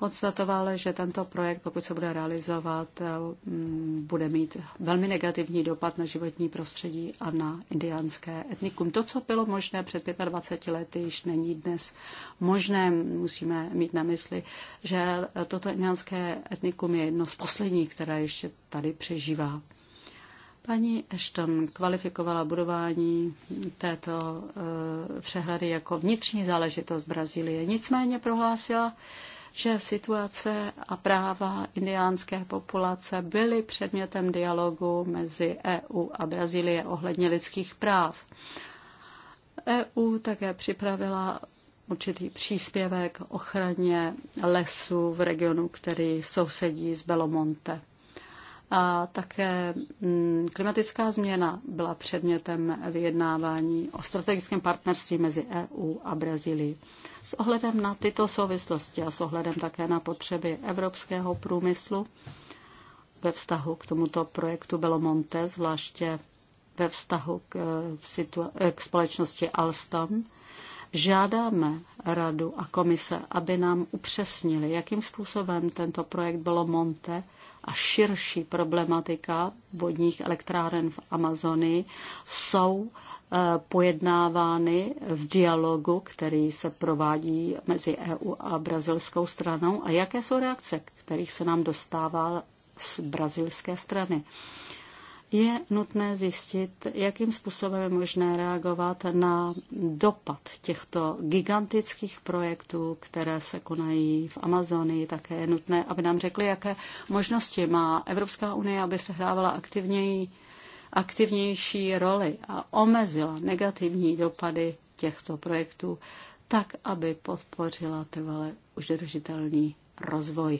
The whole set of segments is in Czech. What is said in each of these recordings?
konstatoval, že tento projekt, pokud se bude realizovat, eh, bude mít velmi negativní dopad na životní prostředí a na indiánské etnikum. To, co bylo možné před 25 lety, již není dnes možné. Musíme mít na mysli, že toto indiánské etnikum je jedno z posledních, které ještě tady přežívá. Paní Ashton kvalifikovala budování této e, přehrady jako vnitřní záležitost Brazílie. Nicméně prohlásila, že situace a práva indiánské populace byly předmětem dialogu mezi EU a Brazílie ohledně lidských práv. EU také připravila určitý příspěvek ochraně lesů v regionu, který sousedí s Belomonte. A také mm, klimatická změna byla předmětem vyjednávání o strategickém partnerství mezi EU a Brazílií. S ohledem na tyto souvislosti a s ohledem také na potřeby evropského průmyslu ve vztahu k tomuto projektu Belo Monte, zvláště ve vztahu k, eh, eh, k společnosti Alstom, žádáme radu a komise, aby nám upřesnili, jakým způsobem tento projekt Belo Monte a širší problematika vodních elektráren v Amazonii jsou eh, pojednávány v dialogu, který se provádí mezi EU a brazilskou stranou a jaké jsou reakce, kterých se nám dostává z brazilské strany je nutné zjistit, jakým způsobem je možné reagovat na dopad těchto gigantických projektů, které se konají v Amazonii. Také je nutné, aby nám řekli, jaké možnosti má Evropská unie, aby se hrávala aktivněji, aktivnější roli a omezila negativní dopady těchto projektů, tak, aby podpořila trvale udržitelný rozvoj.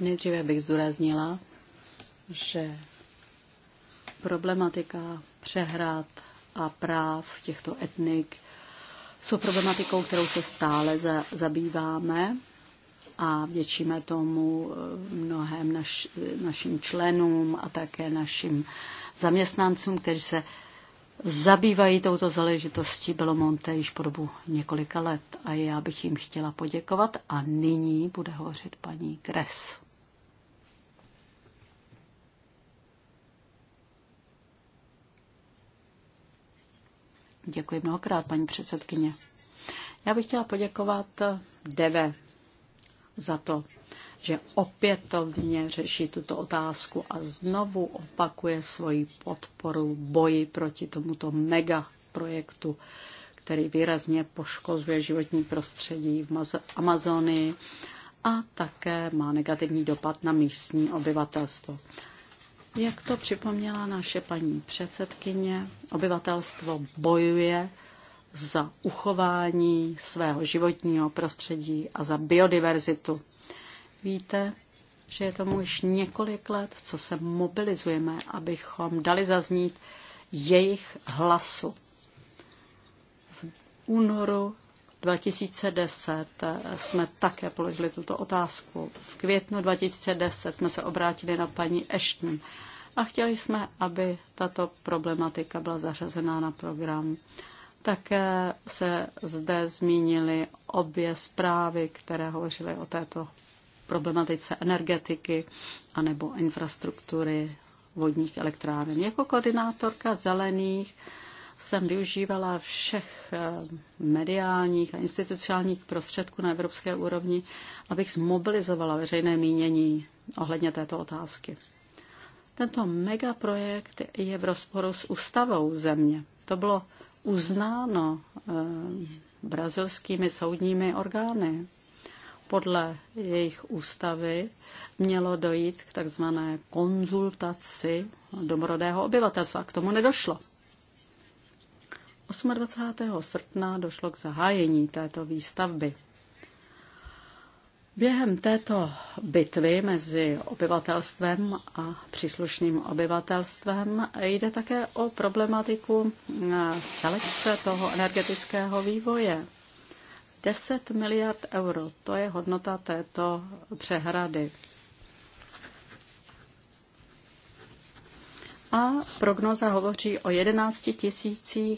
Nejdříve bych zdůraznila, že problematika přehrad a práv těchto etnik jsou problematikou, kterou se stále za, zabýváme a vděčíme tomu eh, mnohem naš, eh, našim členům a také našim zaměstnancům, kteří se zabývají touto záležitostí. Bylo již po dobu několika let a já bych jim chtěla poděkovat a nyní bude hovořit paní Kres. Děkuji mnohokrát, paní předsedkyně. Já bych chtěla poděkovat Deve za to, že opětovně řeší tuto otázku a znovu opakuje svoji podporu boji proti tomuto mega projektu, který výrazně poškozuje životní prostředí v Amazonii a také má negativní dopad na místní obyvatelstvo. Jak to připomněla naše paní předsedkyně, obyvatelstvo bojuje za uchování svého životního prostředí a za biodiverzitu. Víte, že je tomu už několik let, co se mobilizujeme, abychom dali zaznít jejich hlasu. V únoru 2010 jsme také položili tuto otázku. V květnu 2010 jsme se obrátili na paní Ashton a chtěli jsme, aby tato problematika byla zařazená na program. Také se zde zmínily obě zprávy, které hovořily o této problematice energetiky anebo infrastruktury vodních elektráren. Jako koordinátorka zelených jsem využívala všech eh, mediálních a institucionálních prostředků na evropské úrovni, abych zmobilizovala veřejné mínění ohledně této otázky. Tento megaprojekt je v rozporu s ústavou země. To bylo uznáno eh, brazilskými soudními orgány. Podle jejich ústavy mělo dojít k takzvané konzultaci domorodého obyvatelstva. K tomu nedošlo. 28. srpna došlo k zahájení této výstavby. Během této bitvy mezi obyvatelstvem a příslušným obyvatelstvem jde také o problematiku selekce toho energetického vývoje. 10 miliard euro, to je hodnota této přehrady. a prognoza hovoří o 11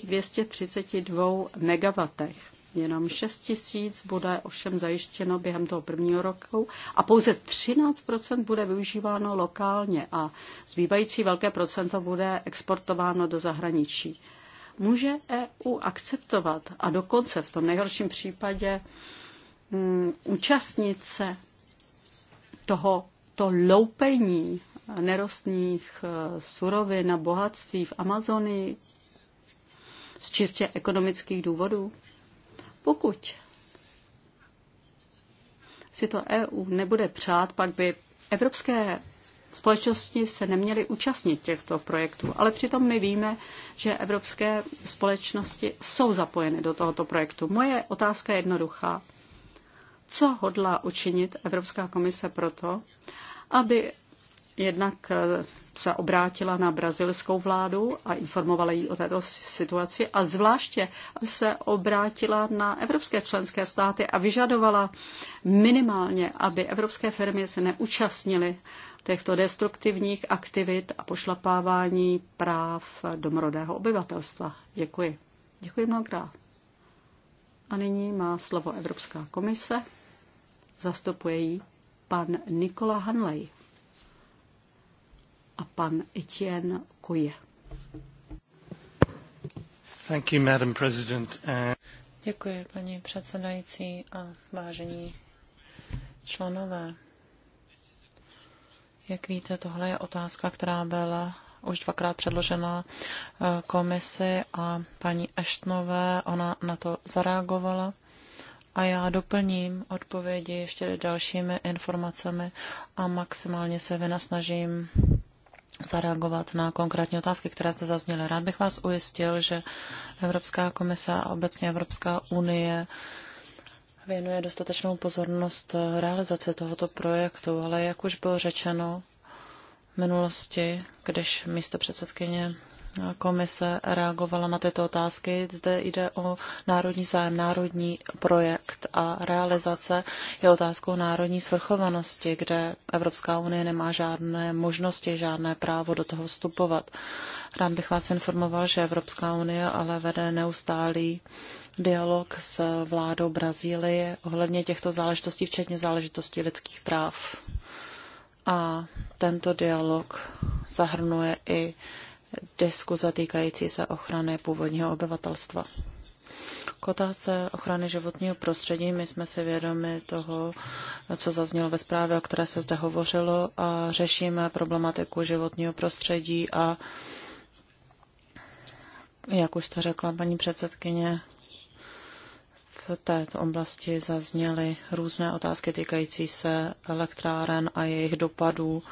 232 megawatech. Jenom 6 tisíc bude ovšem zajištěno během toho prvního roku a pouze 13 bude využíváno lokálně a zbývající velké procento bude exportováno do zahraničí. Může EU akceptovat a dokonce v tom nejhorším případě um, účastnit se toho to loupení nerostních eh, surovin a bohatství v Amazonii z čistě ekonomických důvodů? Pokud si to EU nebude přát, pak by evropské společnosti se neměly účastnit těchto projektů. Ale přitom my víme, že evropské společnosti jsou zapojeny do tohoto projektu. Moje otázka je jednoduchá. Co hodlá učinit Evropská komise proto, aby jednak eh, se obrátila na brazilskou vládu a informovala ji o této situaci a zvláště se obrátila na evropské členské státy a vyžadovala minimálně, aby evropské firmy se neúčastnily těchto destruktivních aktivit a pošlapávání práv domorodého obyvatelstva. Děkuji. Děkuji mnohokrát. A nyní má slovo Evropská komise. Zastupuje ji pan Nikola Hanley a pan Etienne Koje. Thank you, Madam President. Děkuji, paní předsedající a vážení členové. Jak víte, tohle je otázka, která byla už dvakrát předložena eh, komisi a paní Eštnové, ona na to zareagovala. A já doplním odpovědi ještě dalšími informacemi a maximálně se vynasnažím zareagovat na konkrétní otázky, které zde zazněly. Rád bych vás ujistil, že Evropská komise a obecně Evropská unie věnuje dostatečnou pozornost realizaci tohoto projektu, ale jak už bylo řečeno v minulosti, když místo předsedkyně komise reagovala na tyto otázky. Zde jde o národní zájem, národní projekt a realizace je otázkou národní svrchovanosti, kde Evropská unie nemá žádné možnosti, žádné právo do toho vstupovat. Rád bych vás informoval, že Evropská unie ale vede neustálý dialog s vládou Brazílie ohledně těchto záležitostí, včetně záležitostí lidských práv. A tento dialog zahrnuje i diskuze týkající se ochrany původního obyvatelstva. K otázce ochrany životního prostředí my jsme si vědomi toho, co zaznělo ve zprávě, o které se zde hovořilo a řešíme problematiku životního prostředí a jak už to řekla paní předsedkyně, v této oblasti zazněly různé otázky týkající se elektráren a jejich dopadů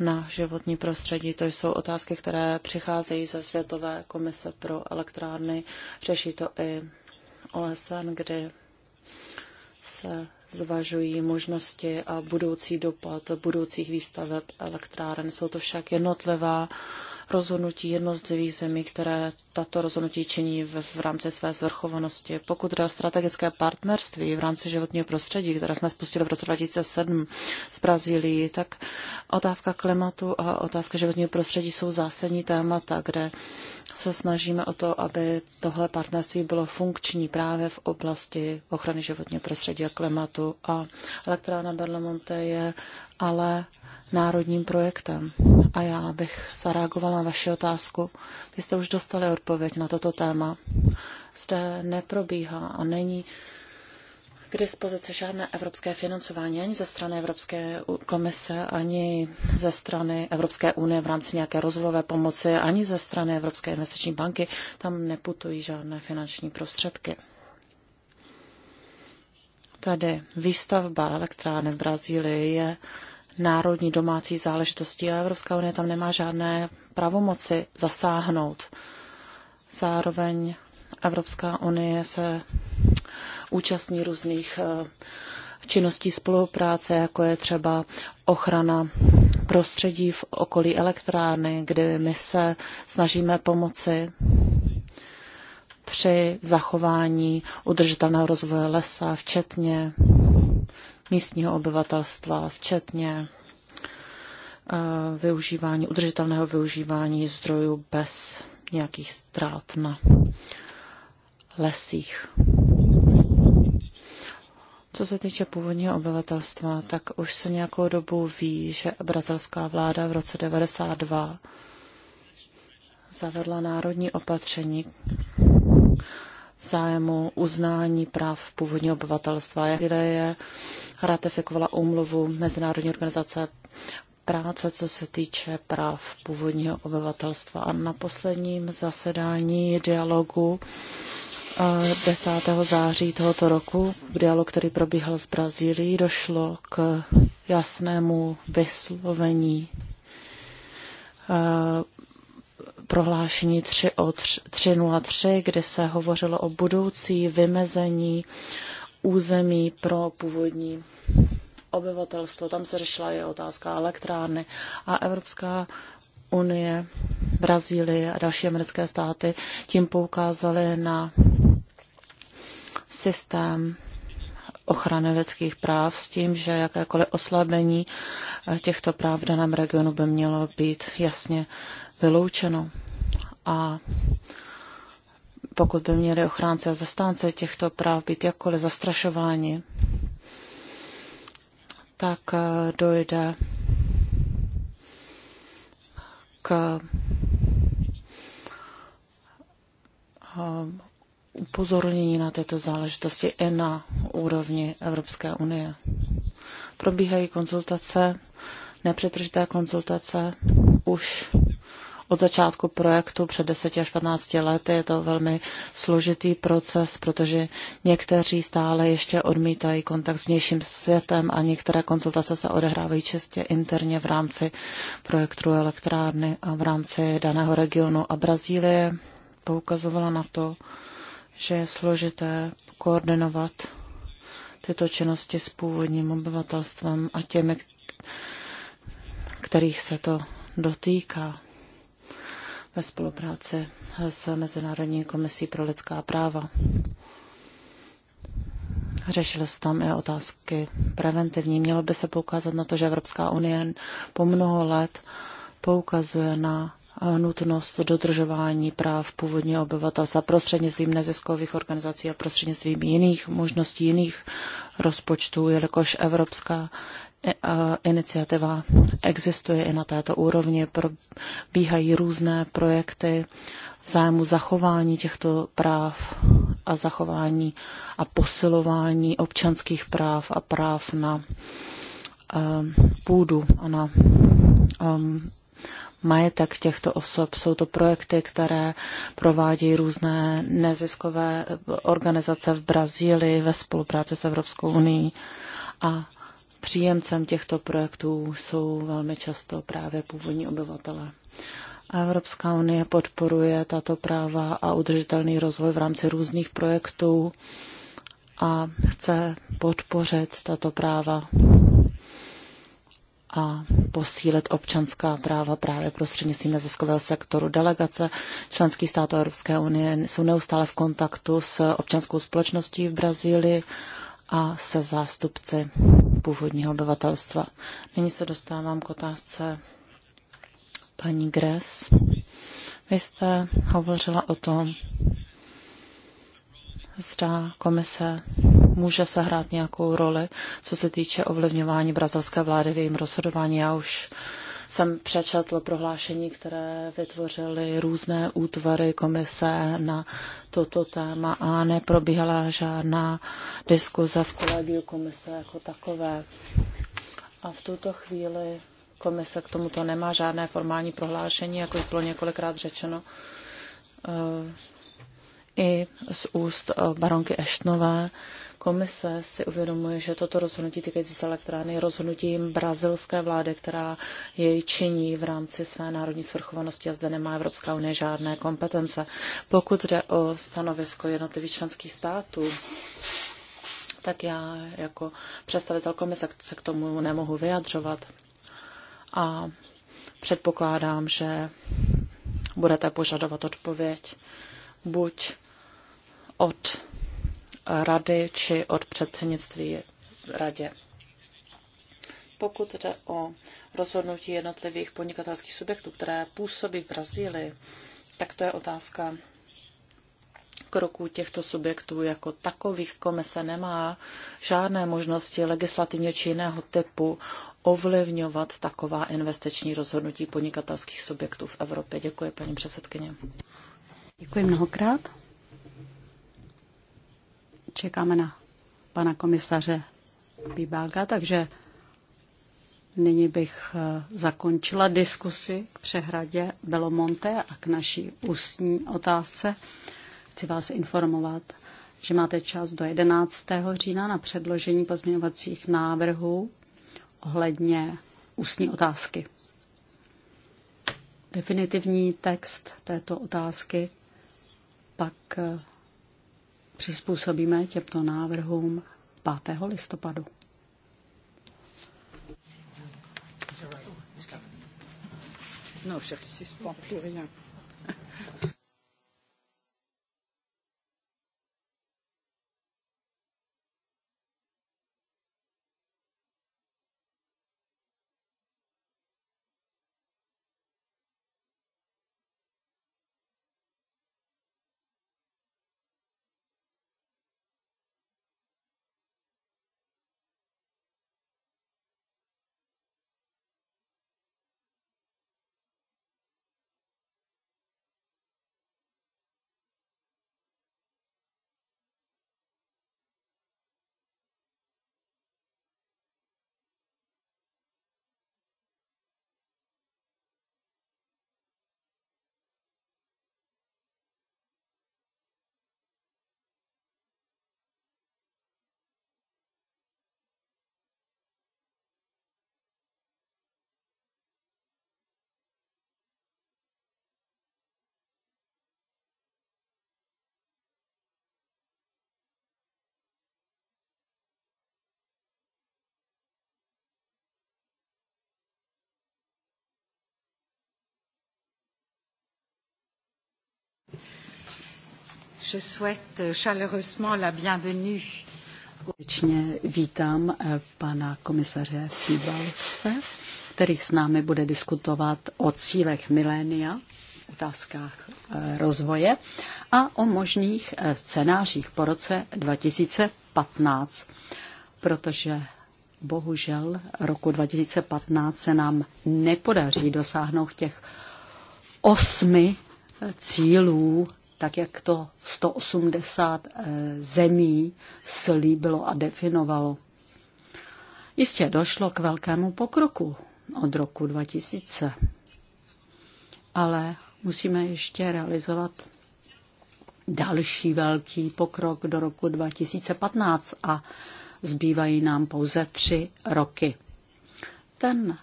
na životní prostředí. To jsou otázky, které přicházejí ze Světové komise pro elektrárny. Řeší to i OSN, kdy se zvažují možnosti a budoucí dopad budoucích výstaveb elektráren. Jsou to však jednotlivá rozhodnutí jednotlivých zemí, které tato rozhodnutí činí v, v rámci své zvrchovanosti. Pokud jde o strategické partnerství v rámci životního prostředí, které jsme spustili v roce 2007 z Brazílii, tak otázka klimatu a otázka životního prostředí jsou zásadní témata, kde se snažíme o to, aby tohle partnerství bylo funkční právě v oblasti ochrany životního prostředí a klimatu. A elektrána Berlemonte je ale národním projektem. A já bych zareagovala na vaši otázku. Vy jste už dostali odpověď na toto téma. Zde neprobíhá a není k dispozici žádné evropské financování ani ze strany Evropské komise, ani ze strany Evropské unie v rámci nějaké rozvojové pomoci, ani ze strany Evropské investiční banky. Tam neputují žádné finanční prostředky. Tady výstavba elektrárny v Brazílii je národní domácí záležitosti a Evropská unie tam nemá žádné pravomoci zasáhnout. Zároveň Evropská unie se účastní různých eh, činností spolupráce, jako je třeba ochrana prostředí v okolí elektrárny, kdy my se snažíme pomoci při zachování udržitelného rozvoje lesa, včetně místního obyvatelstva, včetně eh, využívání, udržitelného využívání zdrojů bez nějakých ztrát na lesích. Co se týče původního obyvatelstva, tak už se nějakou dobu ví, že brazilská vláda v roce 92 zavedla národní opatření, zájmu uznání práv původního obyvatelstva, kde je ratifikovala úmluvu Mezinárodní organizace práce, co se týče práv původního obyvatelstva. A na posledním zasedání dialogu 10. Eh, září tohoto roku, dialog, který probíhal z Brazílii, došlo k jasnému vyslovení eh, prohlášení 3 o 303, kde se hovořilo o budoucí vymezení území pro původní obyvatelstvo. Tam se řešila je otázka elektrárny a Evropská unie, Brazílie a další americké státy tím poukázaly na systém ochrany lidských práv s tím, že jakékoliv oslabení těchto práv v daném regionu by mělo být jasně vyloučeno. A pokud by měli ochránce a zastánce těchto práv být jakkoliv zastrašováni, tak eh, dojde k eh, upozornění na této záležitosti i na úrovni Evropské unie. Probíhají konzultace, nepřetržité konzultace už od začátku projektu před 10 až 15 lety. Je to velmi složitý proces, protože někteří stále ještě odmítají kontakt s vnějším světem a některé konzultace se odehrávají čistě interně v rámci projektu elektrárny a v rámci daného regionu. A Brazílie poukazovala na to, že je složité koordinovat tyto činnosti s původním obyvatelstvem a těmi, kterých se to dotýká ve spolupráci s Mezinárodní komisí pro lidská práva. Řešili se tam i otázky preventivní. Mělo by se poukázat na to, že Evropská unie po mnoho let poukazuje na nutnost dodržování práv původního obyvatelstva prostřednictvím neziskových organizací a prostřednictvím jiných možností, jiných rozpočtů, jelikož Evropská iniciativa existuje i na této úrovni, probíhají různé projekty v zájmu zachování těchto práv a zachování a posilování občanských práv a práv na ehm, půdu a na ehm, majetek těchto osob. Jsou to projekty, které provádějí různé neziskové organizace v Brazílii ve spolupráci s Evropskou unii a Příjemcem těchto projektů jsou velmi často právě původní obyvatele. Evropská unie podporuje tato práva a udržitelný rozvoj v rámci různých projektů a chce podpořit tato práva a posílit občanská práva právě prostřednictvím neziskového sektoru. Delegace členských států Evropské unie jsou neustále v kontaktu s občanskou společností v Brazílii a se zástupci původního obyvatelstva. Nyní se dostávám k otázce paní Gres. Vy jste hovořila o tom, zda komise může sehrát nějakou roli, co se týče ovlivňování brazilské vlády v jejím rozhodování. Já už uh, jsem přečetl prohlášení, které vytvořily různé útvary komise na toto téma a neprobíhala žádná diskuze v kolegiu komise jako takové. A v tuto chvíli komise k tomuto nemá žádné formální prohlášení, jak už bylo několikrát řečeno eh, i z úst eh, baronky Eštnové Komise si uvědomuje, že toto rozhodnutí týkající se elektrárny je rozhodnutím brazilské vlády, která jej činí v rámci své národní svrchovanosti a zde nemá Evropská unie žádné kompetence. Pokud jde o stanovisko jednotlivých členských států, tak já jako představitel komise se k tomu nemohu vyjadřovat. A předpokládám, že budete požadovat odpověď buď od rady či od předsednictví radě. Pokud jde o rozhodnutí jednotlivých podnikatelských subjektů, které působí v Brazílii, tak to je otázka kroků těchto subjektů jako takových komise nemá žádné možnosti legislativně či jiného typu ovlivňovat taková investiční rozhodnutí podnikatelských subjektů v Evropě. Děkuji, paní předsedkyně. Děkuji mnohokrát. Čekáme na pana komisaře Bíbálka, takže nyní bych eh, zakončila diskusi k přehradě Belomonte a k naší ústní otázce. Chci vás informovat, že máte čas do 11. října na předložení pozměňovacích návrhů ohledně ústní otázky. Definitivní text této otázky pak eh, přizpůsobíme těmto návrhům 5. listopadu. Non, je ne Je souhaite chaleureusement la bienvenue. Srdečně vítám eh, pana komisaře Fibalce, který s námi bude diskutovat o cílech milénia, otázkách eh, rozvoje a o možných eh, scénářích po roce 2015, protože bohužel roku 2015 se nám nepodaří dosáhnout těch osmi cílů tak jak to 180 eh, zemí slíbilo a definovalo. Jistě došlo k velkému pokroku od roku 2000, ale musíme ještě realizovat další velký pokrok do roku 2015 a zbývají nám pouze tři roky. Ten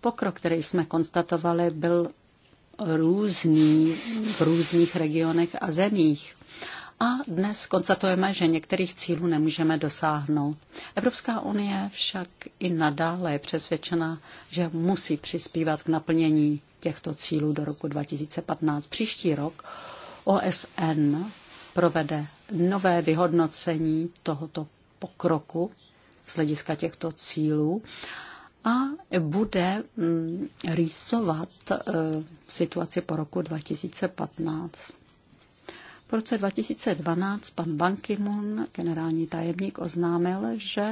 pokrok, který jsme konstatovali, byl různý v různých regionech a zemích. A dnes konstatujeme, že některých cílů nemůžeme dosáhnout. Evropská unie však i nadále je přesvědčena, že musí přispívat k naplnění těchto cílů do roku 2015. Příští rok OSN provede nové vyhodnocení tohoto pokroku z hlediska těchto cílů a bude mm, rýsovat e, situaci po roku 2015. V roce 2012 pan Ban Ki-moon, generální tajemník, oznámil, že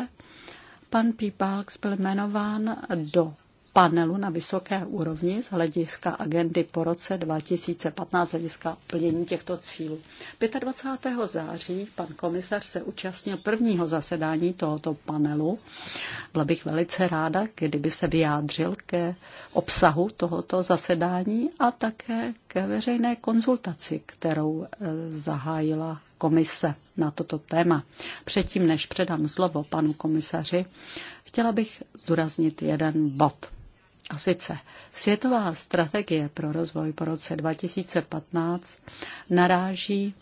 pan Pibalks byl jmenován do panelu na vysoké úrovni z hlediska agendy po roce 2015, z hlediska plnění těchto cílů. 25. září pan komisař se účastnil prvního zasedání tohoto panelu. Byla bych velice ráda, kdyby se vyjádřil ke obsahu tohoto zasedání a také ke veřejné konzultaci, kterou eh, zahájila komise na toto téma. Předtím, než předám slovo panu komisaři, chtěla bych zdůraznit jeden bod. A sice světová strategie pro rozvoj po roce 2015 naráží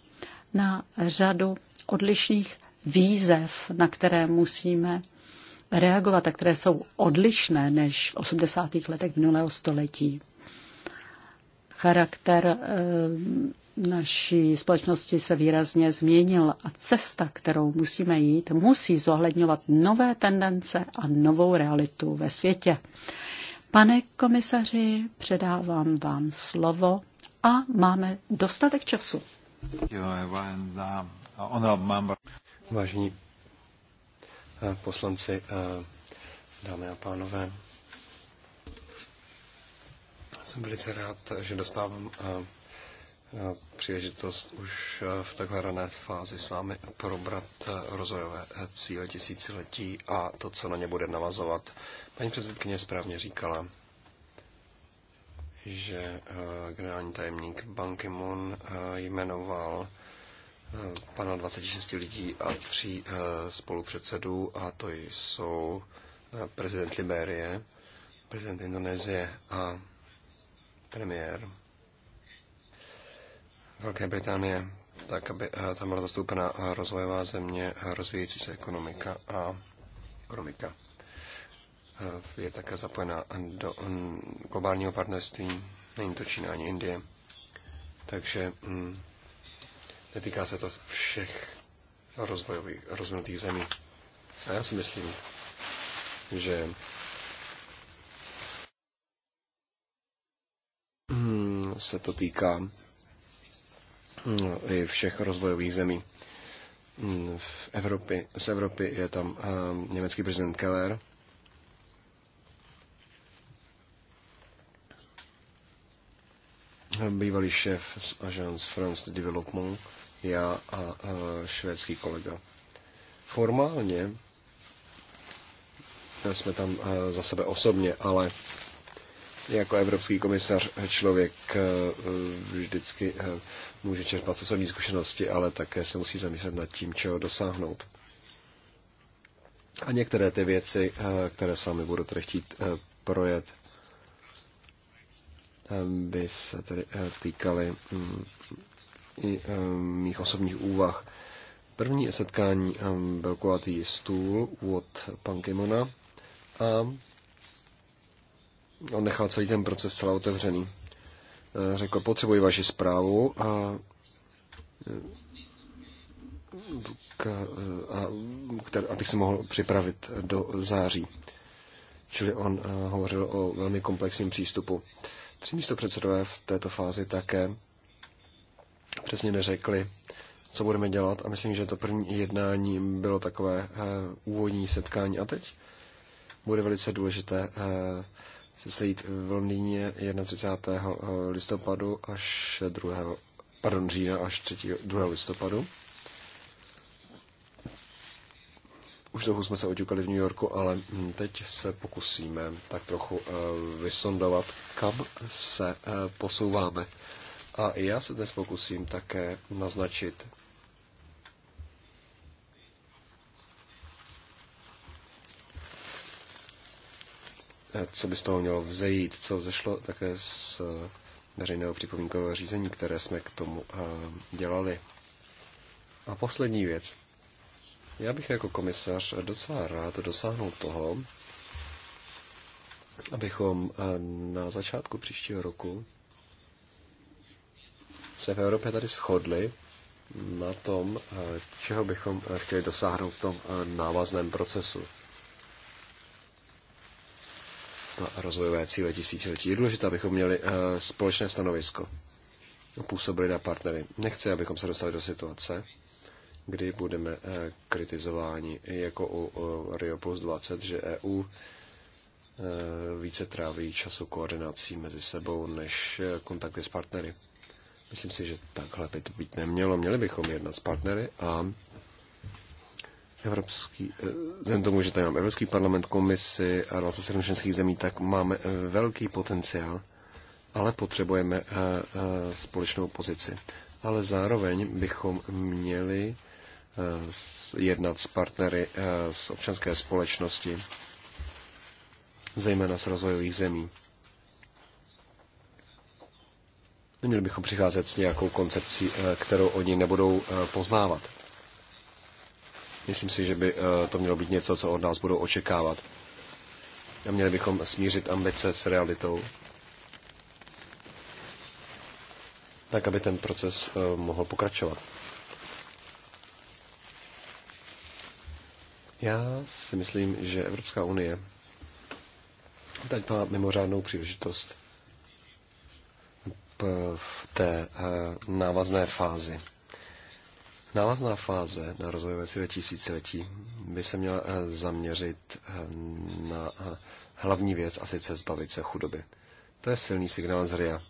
na řadu odlišných výzev, na které musíme reagovat a které jsou odlišné než v 80. letech minulého století. Charakter eh, naší společnosti se výrazně změnil a cesta, kterou musíme jít, musí zohledňovat nové tendence a novou realitu ve světě. Pane komisaři, předávám vám slovo a máme dostatek času. Vážení eh, poslanci, eh, dámy a pánové, jsem velice rád, že dostávám eh, příležitost už v takhle rané fázi s vámi probrat rozvojové cíle tisíciletí a to, co na ně bude navazovat. Paní předsedkyně správně říkala, že eh, generální tajemník Banky Moon eh, jmenoval eh, pana 26 lidí a tří spolupředsedů, a to jsou prezident Liberie, prezident Indonésie a premiér Velké Británie, tak aby tam byla zastoupena rozvojová země, rozvíjející se ekonomika a ekonomika je také zapojena do mm, globálního partnerství, není to Čína ani Indie. Takže mm, netýká se to všech rozvojových, rozvinutých zemí. A já si myslím, že mm, se to týká i všech rozvojových zemí. V Evropě, z Evropy je tam německý prezident Keller, bývalý šéf z Agence France Development, já a švédský kolega. Formálně jsme tam za sebe osobně, ale jako evropský komisař člověk vždycky může čerpat osobní zkušenosti, ale také se musí zamýšlet nad tím, čeho dosáhnout. A některé ty věci, které s vámi budu tady chtít projet, by se tedy eh, týkaly mm, i eh, mých osobních úvah. První setkání eh, byl kulatý stůl od Pankimona a on nechal celý ten proces celá otevřený. Řekl, potřebuji vaši zprávu a k, a, kter, abych se mohl připravit do září. Čili on hovořil o velmi komplexním přístupu. Tři předsedové v této fázi také přesně neřekli, co budeme dělat a myslím, že to první jednání bylo takové eh, úvodní setkání a teď bude velice důležité eh, se sejít v Londýně 31. listopadu až 2. pardon, října až 3. 2. listopadu Už trochu jsme se oťukali v New Yorku, ale hm, teď se pokusíme tak trochu eh, vysondovat, kam se eh, posouváme. A já se dnes pokusím také naznačit, eh, co by z toho mělo vzejít, co vzešlo také z veřejného připomínkového řízení, které jsme k tomu dělali. A poslední věc. Já bych jako komisař docela rád dosáhnul toho, abychom eh, na začátku příštího roku se v Evropě tady shodli na tom, eh, čeho bychom eh, chtěli dosáhnout v tom návazném procesu na rozvojové cíle tisíciletí. Je důležité, abychom měli společné stanovisko působili na partnery. Nechci, abychom se dostali do situace, kdy budeme eh, kritizováni jako u Rio Plus 20, že EU eh, více tráví času koordinací mezi sebou než eh, kontakty s partnery. Myslím si, že takhle by to být nemělo. Měli bychom jednat s partnery a Evropský, vzhledem tomu, že tady máme Evropský parlament, komisi a 27 členských zemí, tak máme velký potenciál, ale potřebujeme společnou pozici ale zároveň bychom měli eh, jednat s partnery eh, z občanské společnosti, zejména z rozvojových zemí. Měli bychom přicházet s nějakou koncepcí, eh, kterou oni nebudou poznávat. Myslím si, že by to mělo být něco, co od nás budou očekávat. A měli bychom smířit ambice s realitou tak aby ten proces eh, mohl pokračovat. Já si myslím, že Evropská unie teď má mimořádnou příležitost v té eh, návazné fázi. Návazná fáze na rozvojové cíle tisíciletí by se měla eh, zaměřit na hlavní věc, a sice zbavit se chudoby. To je silný signál z RIA.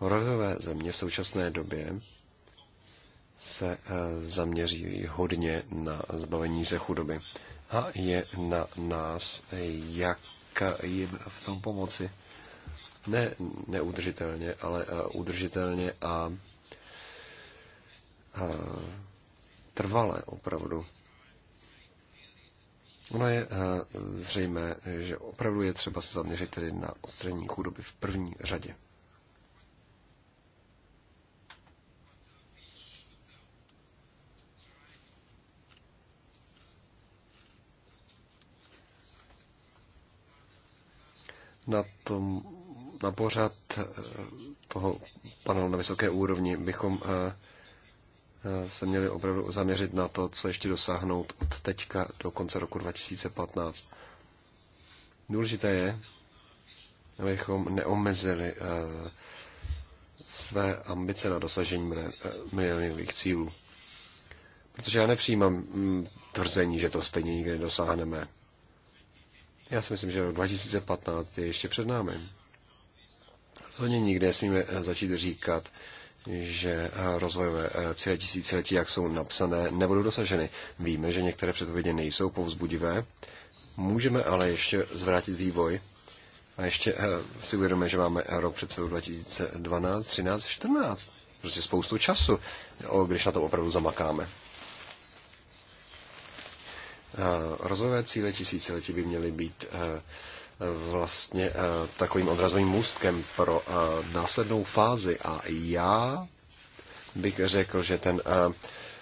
Rozvojové země v současné době se eh, zaměří hodně na zbavení ze chudoby. A je na nás, jak jim v tom pomoci. Ne neudržitelně, ale eh, udržitelně a, a eh, trvale opravdu. Ono je zřejmé, že opravdu je třeba se zaměřit tedy na odstranění chudoby v první řadě. na tom na pořad eh, toho panelu na vysoké úrovni bychom eh, eh, se měli opravdu zaměřit na to, co ještě dosáhnout od teďka do konce roku 2015. Důležité je, abychom neomezili své ambice na dosažení milionových cílů. Protože já nepřijímám mm, tvrzení, že to stejně nikdy dosáhneme. Já si myslím, že rok 2015 je ještě před námi. Rozhodně nikdy nesmíme eh, začít říkat, že eh, rozvojové eh, cíle tisíciletí, jak jsou napsané, nebudou dosaženy. Víme, že některé předpovědi nejsou povzbudivé, můžeme ale ještě zvrátit vývoj a ještě si uvědomíme, že máme rok před sebou 2012, 13, 14. Prostě spoustu času, když na to opravdu zamakáme. Eh, rozvojové cíle tisíciletí by měly být eh, vlastně eh, takovým odrazovým můstkem pro následnou fázi. A já bych řekl, že ten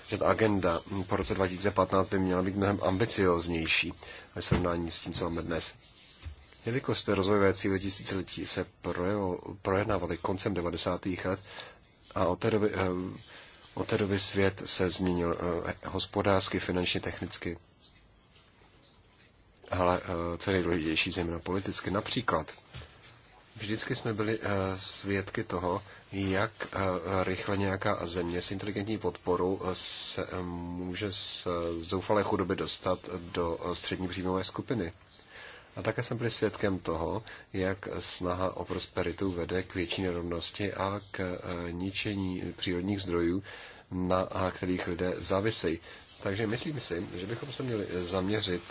že ta agenda po roce 2015 by měla být mnohem ambicioznější ve srovnání s tím, co máme dnes. Jelikož ty rozvojové cíle tisíciletí se projednávaly koncem 90. let a od té doby, od té doby svět se změnil hospodářsky, finančně, technicky ale eh, co je nejdůležitější, zejména politicky. Například, vždycky jsme byli eh, svědky toho, jak eh, rychle nějaká země s inteligentní podporou se může z zoufalé chudoby dostat do střední příjmové skupiny. A také jsme byli svědkem toho, jak snaha o prosperitu vede k větší nerovnosti a k ničení přírodních zdrojů, na kterých lidé závisejí. Takže myslím si, že bychom se měli zaměřit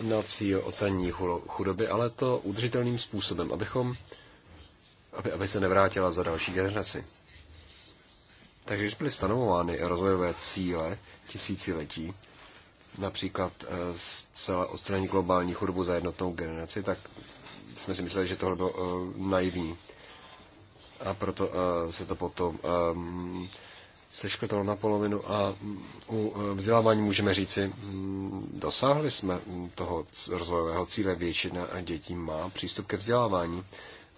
na cíl ocenění chudoby, ale to udržitelným způsobem, abychom, aby, aby se nevrátila za další generaci. Takže když byly stanovovány rozvojové cíle tisíciletí, například eh, zcela odstranit globální chudobu za jednotnou generaci, tak jsme si mysleli, že tohle bylo uh, naivní. A proto uh, se to potom um, seškrtalo na polovinu a u e, vzdělávání můžeme říci, mm, dosáhli jsme toho rozvojového cíle, většina dětí má přístup ke vzdělávání,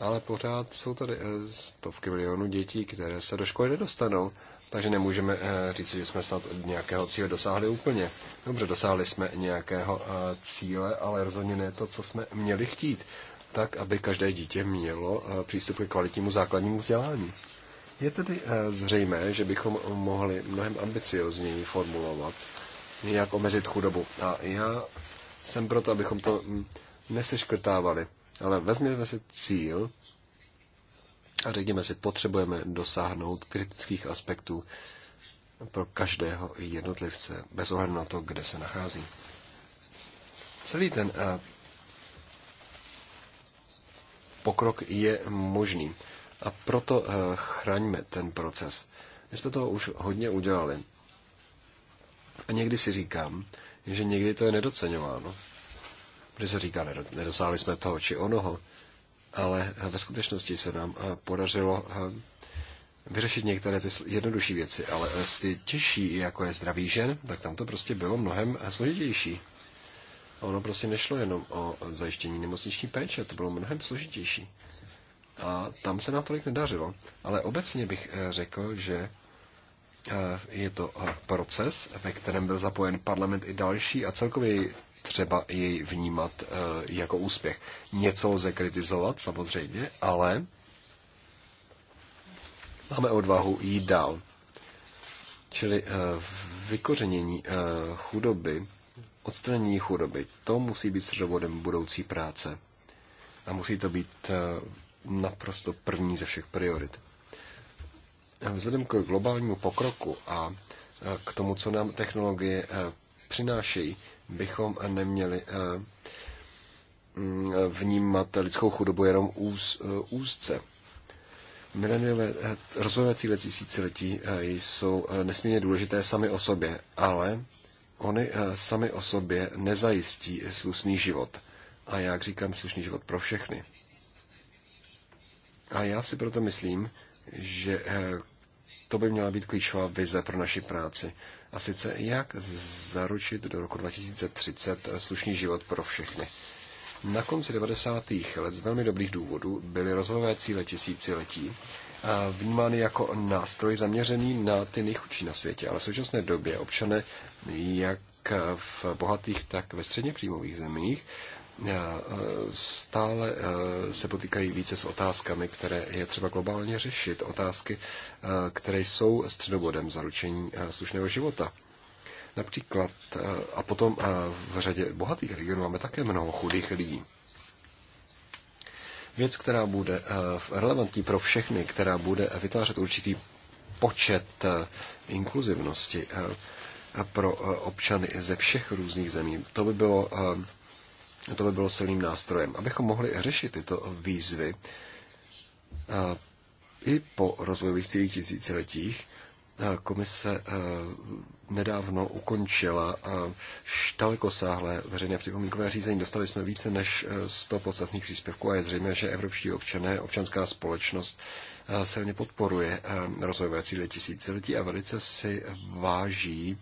ale pořád jsou tady e, stovky milionů dětí, které se do školy nedostanou, takže nemůžeme e, říci, že jsme snad nějakého cíle dosáhli úplně. Dobře, dosáhli jsme nějakého cíle, ale rozhodně ne to, co jsme měli chtít tak, aby každé dítě mělo přístup ke kvalitnímu základnímu vzdělání. Je tedy eh, zřejmé, že bychom mohli mnohem ambiciozněji formulovat, jak omezit chudobu. A já jsem proto, abychom to hm, neseškrtávali. Ale vezměme si cíl a řekněme si, potřebujeme dosáhnout kritických aspektů pro každého jednotlivce, bez ohledu na to, kde se nachází. Celý ten eh, pokrok je možný. A proto eh, chraňme ten proces. My jsme toho už hodně udělali. A někdy si říkám, že někdy to je nedoceňováno. Když se říká, nedosáhli jsme toho či onoho, ale eh, ve skutečnosti se nám eh, podařilo vyřešit některé ty jednodušší věci, ale ty těžší, jako je zdravý žen, tak tam to prostě bylo mnohem složitější. A ono prostě nešlo jenom o zajištění nemocniční péče, to bylo mnohem složitější a tam se nám tolik nedařilo. Ale obecně bych eh, řekl, že eh, je to eh, proces, ve kterém byl zapojen parlament i další a celkově třeba jej vnímat jako úspěch. Něco lze kritizovat samozřejmě, ale máme odvahu jít dál. Čili vykořenění chudoby, odstranění chudoby, to musí být středovodem budoucí práce. A musí to být naprosto první ze všech priorit. Vzhledem k globálnímu pokroku a e, k tomu, co nám technologie e, přinášejí, bychom neměli e, vnímat lidskou chudobu jenom úz, úzce. Mileniové rozvojové cíle tisíciletí jsou nesmírně důležité sami o sobě, ale oni sami o sobě nezajistí slušný život. A jak říkám, slušný život pro všechny. A já si proto myslím, že eh, to by měla být klíčová vize pro naši práci. A sice jak zaručit do roku 2030 eh, slušný život pro všechny. Na konci 90. let z velmi dobrých důvodů byly rozvojové cíle tisíciletí eh, vnímány jako nástroj zaměřený na ty nejchudší na světě, ale v současné době občané jak v bohatých, tak ve středně příjmových zemích Eh, stále eh, se potýkají více s otázkami, které je třeba globálně řešit. Otázky, eh, které jsou středobodem zaručení slušného života. Například, a potom v řadě bohatých regionů máme také mnoho chudých lidí. Věc, která bude relevantní pro všechny, která bude vytvářet určitý počet inkluzivnosti pro občany ze všech různých zemí. To by bylo to by bylo silným nástrojem. Abychom mohli řešit tyto výzvy i po rozvojových cílích tisíciletích, komise nedávno ukončila dalekosáhlé veřejné připomínkové řízení. Dostali jsme více než 100 e, podstatných příspěvků a je zřejmé, že evropští občané, občanská společnost silně podporuje rozvojové cíle tisíciletí a velice si váží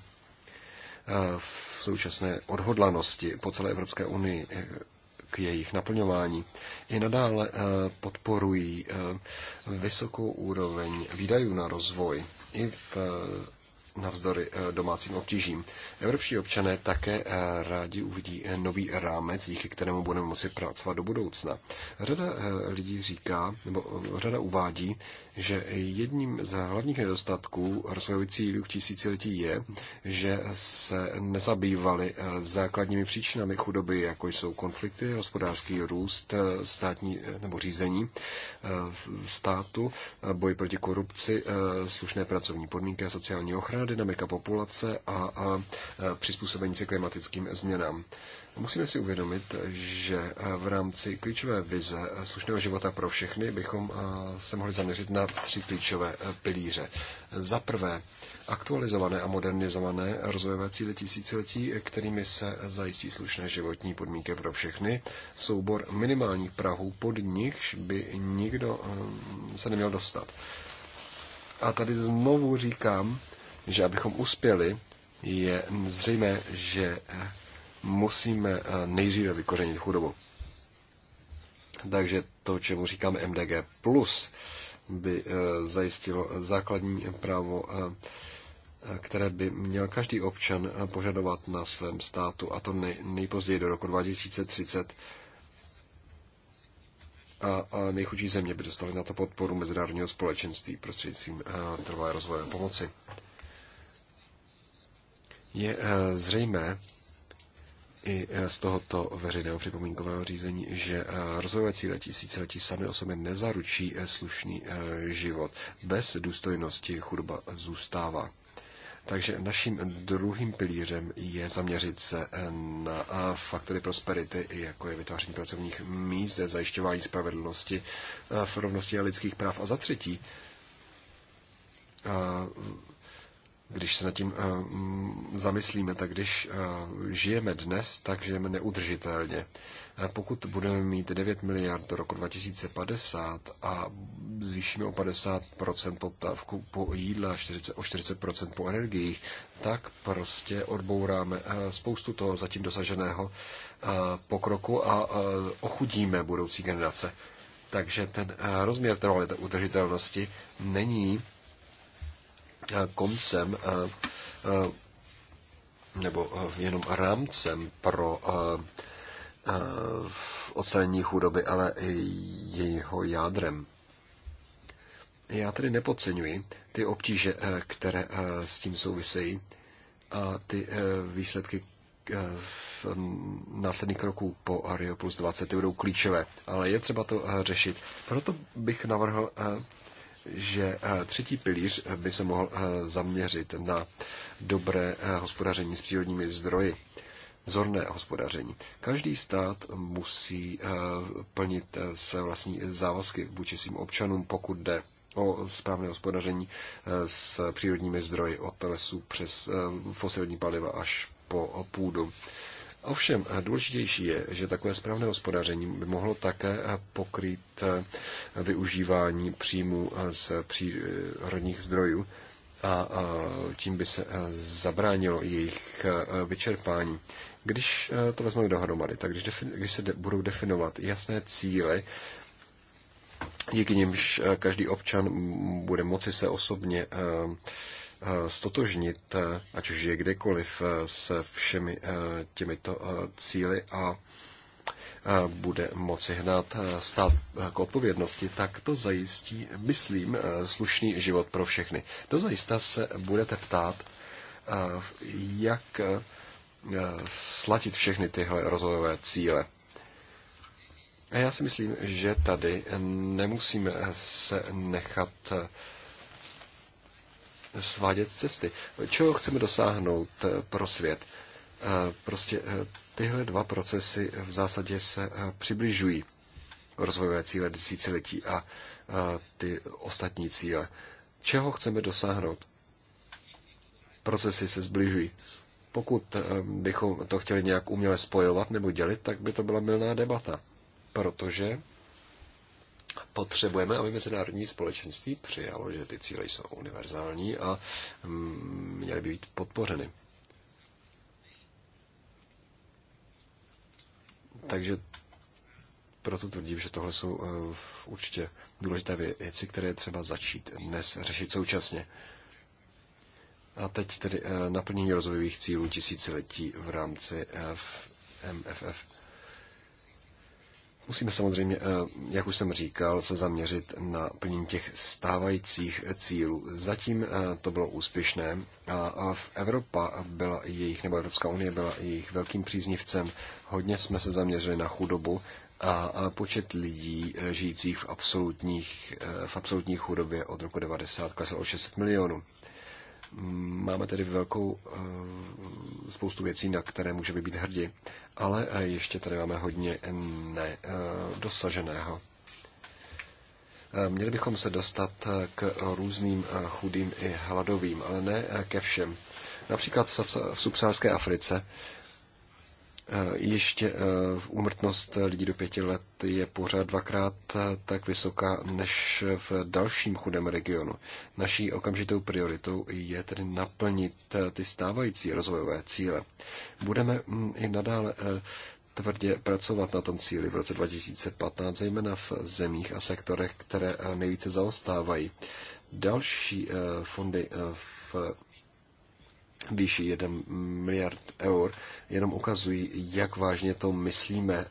v současné odhodlanosti po celé Evropské unii eh, k jejich naplňování. I nadále eh, podporují eh, vysokou úroveň výdajů na rozvoj i v navzdory eh, domácím obtížím. Evropští občané také eh, rádi uvidí eh, nový rámec, díky kterému budeme moci pracovat do budoucna. Řada lidí říká, nebo řada uvádí, že jedním z hlavních nedostatků rozvojující cílů tisíciletí je, že se nezabývali základními příčinami chudoby, jako jsou konflikty, hospodářský růst, státní nebo řízení státu, boj proti korupci, slušné pracovní podmínky a sociální ochrana dynamika populace a, a e, přizpůsobení se klimatickým změnám. Musíme si uvědomit, že e, v rámci klíčové vize e, slušného života pro všechny bychom se mohli zaměřit na tři klíčové pilíře. Za prvé, aktualizované a modernizované rozvojové cíle tisíciletí, kterými se zajistí slušné životní podmínky pro všechny, soubor minimálních prahů, pod nichž by nikdo se neměl dostat. A tady znovu říkám, že abychom uspěli, je zřejmé, že musíme eh, nejdříve vykořenit chudobu. Takže to, čemu říkáme MDG+, by eh, zajistilo základní právo, eh, které by měl každý občan požadovat na svém státu, a to nejpozději do roku 2030. A, nejchudší země by dostaly na to podporu mezinárodního společenství prostřednictvím trvalé rozvoje pomoci. Je eh, zřejmé i eh, z tohoto veřejného připomínkového řízení, že eh, rozvojové cíle tisíciletí sami o sobě nezaručí slušný život. Bez důstojnosti chudoba zůstává. Takže naším druhým pilířem je zaměřit se na faktory prosperity, jako je vytváření pracovních míst, zajišťování spravedlnosti, v rovnosti a lidských práv. A za třetí, když se nad tím eh, mm, zamyslíme, tak když eh, žijeme dnes, tak žijeme neudržitelně. Pokud budeme mít 9 miliard do roku 2050 a zvýšíme o 50% poptávku po jídle a 40, o 40% po energiích, tak prostě odbouráme eh, spoustu toho zatím dosaženého pokroku a ochudíme budoucí generace. Takže ten rozměr trvalé udržitelnosti není Eh, koncem eh, eh, nebo jenom rámcem pro odstranění chudoby, ale jeho jádrem. Já tedy nepodceňuji ty obtíže, které s tím souvisejí a ty výsledky v následných kroků po Ario plus 20 budou klíčové, ale je třeba to řešit. Proto bych navrhl že eh, třetí pilíř eh, by se mohl eh, zaměřit na dobré hospodaření s přírodními zdroji vzorné hospodaření. Každý stát musí plnit své vlastní závazky vůči svým občanům, pokud jde o správné hospodaření s přírodními zdroji od lesů přes fosilní paliva až po půdu Ovšem důležitější je, že takové správné hospodaření by mohlo také pokrýt eh, využívání příjmu eh, z přírodních eh, zdrojů a tím by se zabránilo jejich vyčerpání. Když to vezmeme dohromady, tak když, defin, když se de, budou definovat jasné cíle, díky nimž každý občan bude moci se osobně Eh, stotožnit, eh, ať už je kdekoliv, eh, se všemi těmito cíly a bude moci hnát stát k odpovědnosti, tak to zajistí, myslím, slušný život pro všechny. Dozajista se budete ptát, jak slatit všechny tyhle rozvojové cíle. A já si myslím, že tady nemusíme se nechat svádět cesty. Čeho chceme dosáhnout eh, pro svět? Eh, prostě eh, tyhle dva procesy v zásadě se přibližují rozvojové cíle desíciletí a ty ostatní cíle. Čeho chceme dosáhnout? Procesy se zbližují. Pokud bychom to chtěli nějak uměle spojovat nebo dělit, tak by to byla milná debata, protože Potřebujeme, aby mezinárodní společenství přijalo, že ty cíle jsou univerzální a mm, měly by být podpořeny. Takže proto tvrdím, že tohle jsou eh, určitě důležité věci, které je třeba začít dnes řešit současně. A teď tedy eh, naplnění rozvojových cílů tisíciletí v rámci eh, MFF. Musíme samozřejmě, eh, jak už jsem říkal, se zaměřit na plnění těch stávajících cílů. Zatím eh, to bylo úspěšné a v Evropa byla jejich, nebo Evropská unie byla jejich velkým příznivcem. Hodně jsme se zaměřili na chudobu a počet lidí eh, žijících v, absolutních, v absolutní chudobě od roku 90 klesl o 600 milionů. Máme tedy velkou eh, spoustu věcí, na které můžeme být hrdí, ale eh, ještě tady máme hodně nedosaženého. Eh, měli bychom se dostat k různým chudým i hladovým, ale ne ke všem. Například v subsaharské Africe Eh, ještě eh, v úmrtnost lidí do pěti let je pořád dvakrát eh, tak vysoká než v dalším chudém regionu. Naší okamžitou prioritou je tedy naplnit ty stávající rozvojové cíle. Budeme mm, i nadále tvrdě pracovat na tom cíli v roce 2015, zejména v zemích a sektorech, které nejvíce zaostávají. Další fondy v výši 1 miliard eur, jenom ukazují, jak vážně to myslíme eh,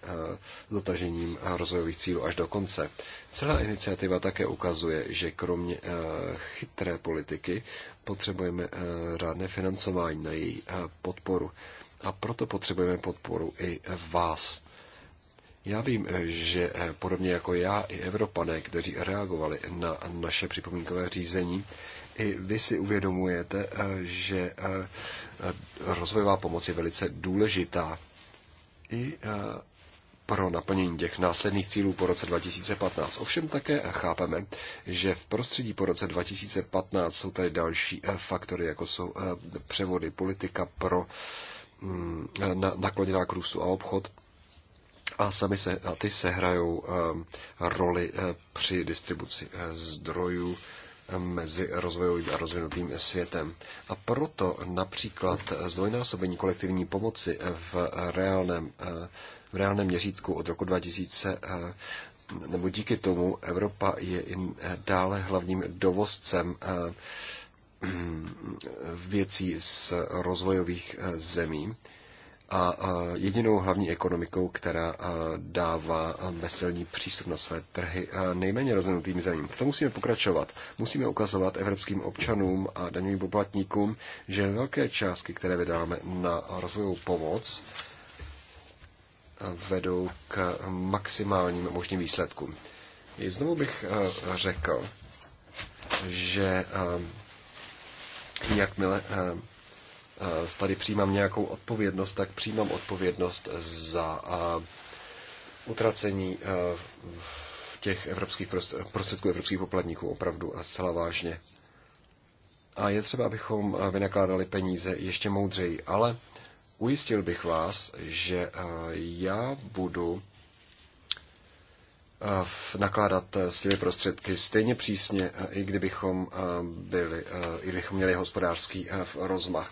dotažením eh, rozvojových cílů až do konce. Celá iniciativa také ukazuje, že kromě eh, chytré politiky potřebujeme rádné financování na její podporu. A proto potřebujeme podporu i vás. Já vím, že podobně jako já i Evropané, kteří reagovali na naše připomínkové řízení, i vy si uvědomujete, eh, že eh, rozvojová pomoc je velice důležitá i eh, pro naplnění těch následných cílů po roce 2015. Ovšem také chápeme, že v prostředí po roce 2015 jsou tady další faktory, jako jsou převody, politika pro mm, nakloněná k růstu a obchod, a sami se, a ty sehrajou hrajou roli při distribuci zdrojů mezi rozvojovým a rozvinutým světem. A proto například zdvojnásobení kolektivní pomoci v reálném, v reálném měřítku od roku 2000 nebo díky tomu Evropa je i dále hlavním dovozcem eh, věcí z rozvojových eh, zemí a jedinou hlavní ekonomikou, která dává veselní přístup na své trhy nejméně rozvinutým zemím. V tom musíme pokračovat. Musíme ukazovat evropským občanům a daňovým poplatníkům, že velké částky, které vydáme na rozvojovou pomoc, vedou k maximálním možným výsledkům. Znovu bych řekl, že jakmile Eh, tady přijímám nějakou odpovědnost, tak přijímám odpovědnost za eh, utracení eh, těch evropských prostředků evropských poplatníků opravdu a zcela vážně. A je třeba, abychom vynakládali peníze ještě moudřeji, ale ujistil bych vás, že já budu nakládat s těmi prostředky stejně přísně, i kdybychom, byli, i kdybychom měli hospodářský rozmach.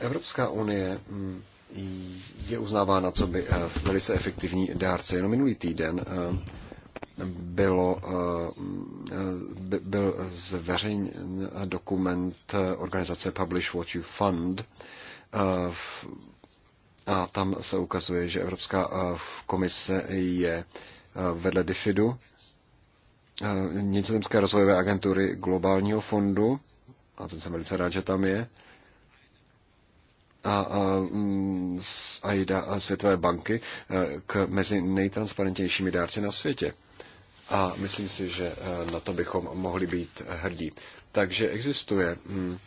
Evropská unie mm, je uznávána co by eh, velice efektivní dárce. Jenom minulý týden eh, bylo, by, eh, mm, byl zveřejněn dokument organizace Publish What You Fund a tam se ukazuje, že Evropská komise je vedle DFIDu, Nicozemské rozvojové agentury globálního fondu, a ten jsem velice rád, že tam je, a, a z mm, AIDA a Světové banky eh, k mezi nejtransparentnějšími dárci na světě. A myslím si, že eh, na to bychom mohli být hrdí. Takže existuje mm,